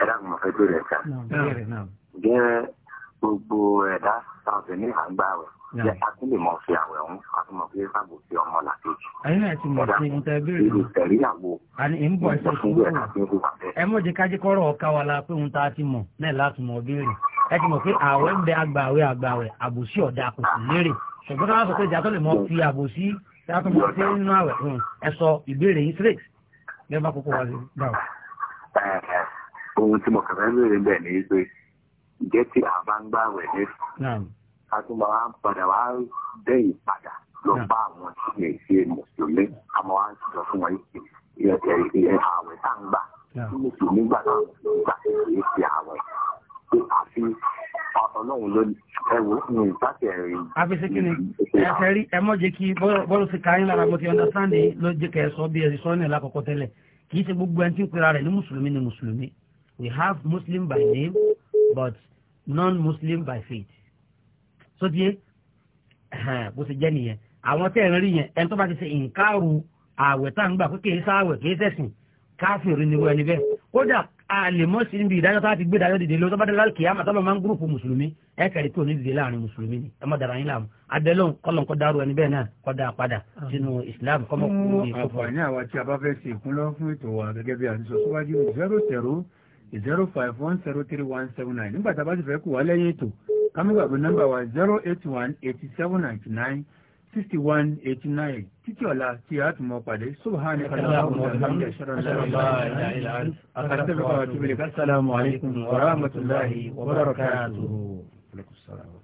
ẹ̀dá mi fẹ́ bèrè ẹ̀ka. Ǹjẹ́ gbogbo ẹ̀dá sáfẹ́ ní àgbà rẹ̀ jẹ́ akílè mọ̀ fi àwẹ̀ ọ̀hún àti mọ̀ fi sábò sí ọmọ làkejì. Àyìn náà ti mọ̀ sí ohun tẹ́ bèrè. Ìlú tẹ̀lé àgbo. Àní ń bọ̀ ẹsẹ̀ kúrò. Ẹ mọ̀ jẹ́ kájí kọ́rọ̀ ọ̀ka wa la pé ohun tá a ti mọ̀ náà láti mọ̀ bèrè. Ẹ ti mọ̀ pé àwẹ̀ ń bẹ agbàwẹ̀ agbàwẹ̀ àbòsí ọ̀dà kò sì lérè. Ṣùgbọ́n ká wá sọ pé ìjà tó lè mọ fi àbòsí ṣáà tó mọ̀ sí nínú àwẹ̀ ohun tí mo kàn fẹ́ béèrè bẹ́ẹ̀ ni pé ìjẹ́ tí a bá ń gbà wẹ̀ ní ká tún máa ń padà wá dẹ́yìn padà lọ bá àwọn tí kì í ṣe mùsùlùmí àmọ́ wá ń sọ fún wọn àwẹ̀ tá ń gbà tí mùsùlùmí gbà náà gbà kì í ṣe àwẹ̀ pé àfi ọlọ́run ló ẹwọ́ ní ìpàkẹ́ rẹ̀. àfẹsẹ̀ kí ni ẹsẹ̀ rí ẹ mọ̀ jẹ́ kí bọ́ọ̀lù ti ka yín lára mo ti understand ló jẹ́ kẹ́ ẹ bí ẹ sọ ní ìlà àkọ́kọ́ tẹ́lẹ̀ kì í ṣe gbogbo ẹni tí ń pera rẹ̀ ní mùsùlùmí ní mùsùlùmí we have Muslim by name but non-Muslim by faith. so díẹ̀ eh, bó ṣe jẹ́ nìyẹn àwọn tẹ́ ẹ̀ rí yẹn ẹni tó bá ti ṣe nǹkaru ààwẹ̀ tá à ń gbà pé kì í sáwẹ̀ kì í sẹ̀sìn káfíìrì ni wọ́n ẹni bẹ́ẹ̀ kódà àlèmọ́ sí níbi ìdájọ́ tá a ti gbé ìdájọ́ dìde lọ́wọ́ tó bá dé láti kìyàmà tó lọ́ máa ń gúrùpù mùsùlùmí ẹ kẹ̀rí tó ní dìde láàrin mùsùlùmí ni ẹ má dara yín láàmú abẹ́lọ́n kọ́lọ́n kọ́ dárú ẹni bẹ́ẹ̀ náà kọ́ dáa padà sínú Islam kọ́mọ́ kúrò ní ìkókò. àǹfààní àwa tí a bá fẹ́ ṣe ìkúnlọ́ fún ètò wa gẹ́gẹ́ bí a ti sọ síwájú zero zero zero five one zero three one seven nine nígbà tá a bá ti fẹ́ kù wá lẹ́yìn ètò kámẹ́gbàgbé nọ́mbà wa zero eight one eighty seven ninety wa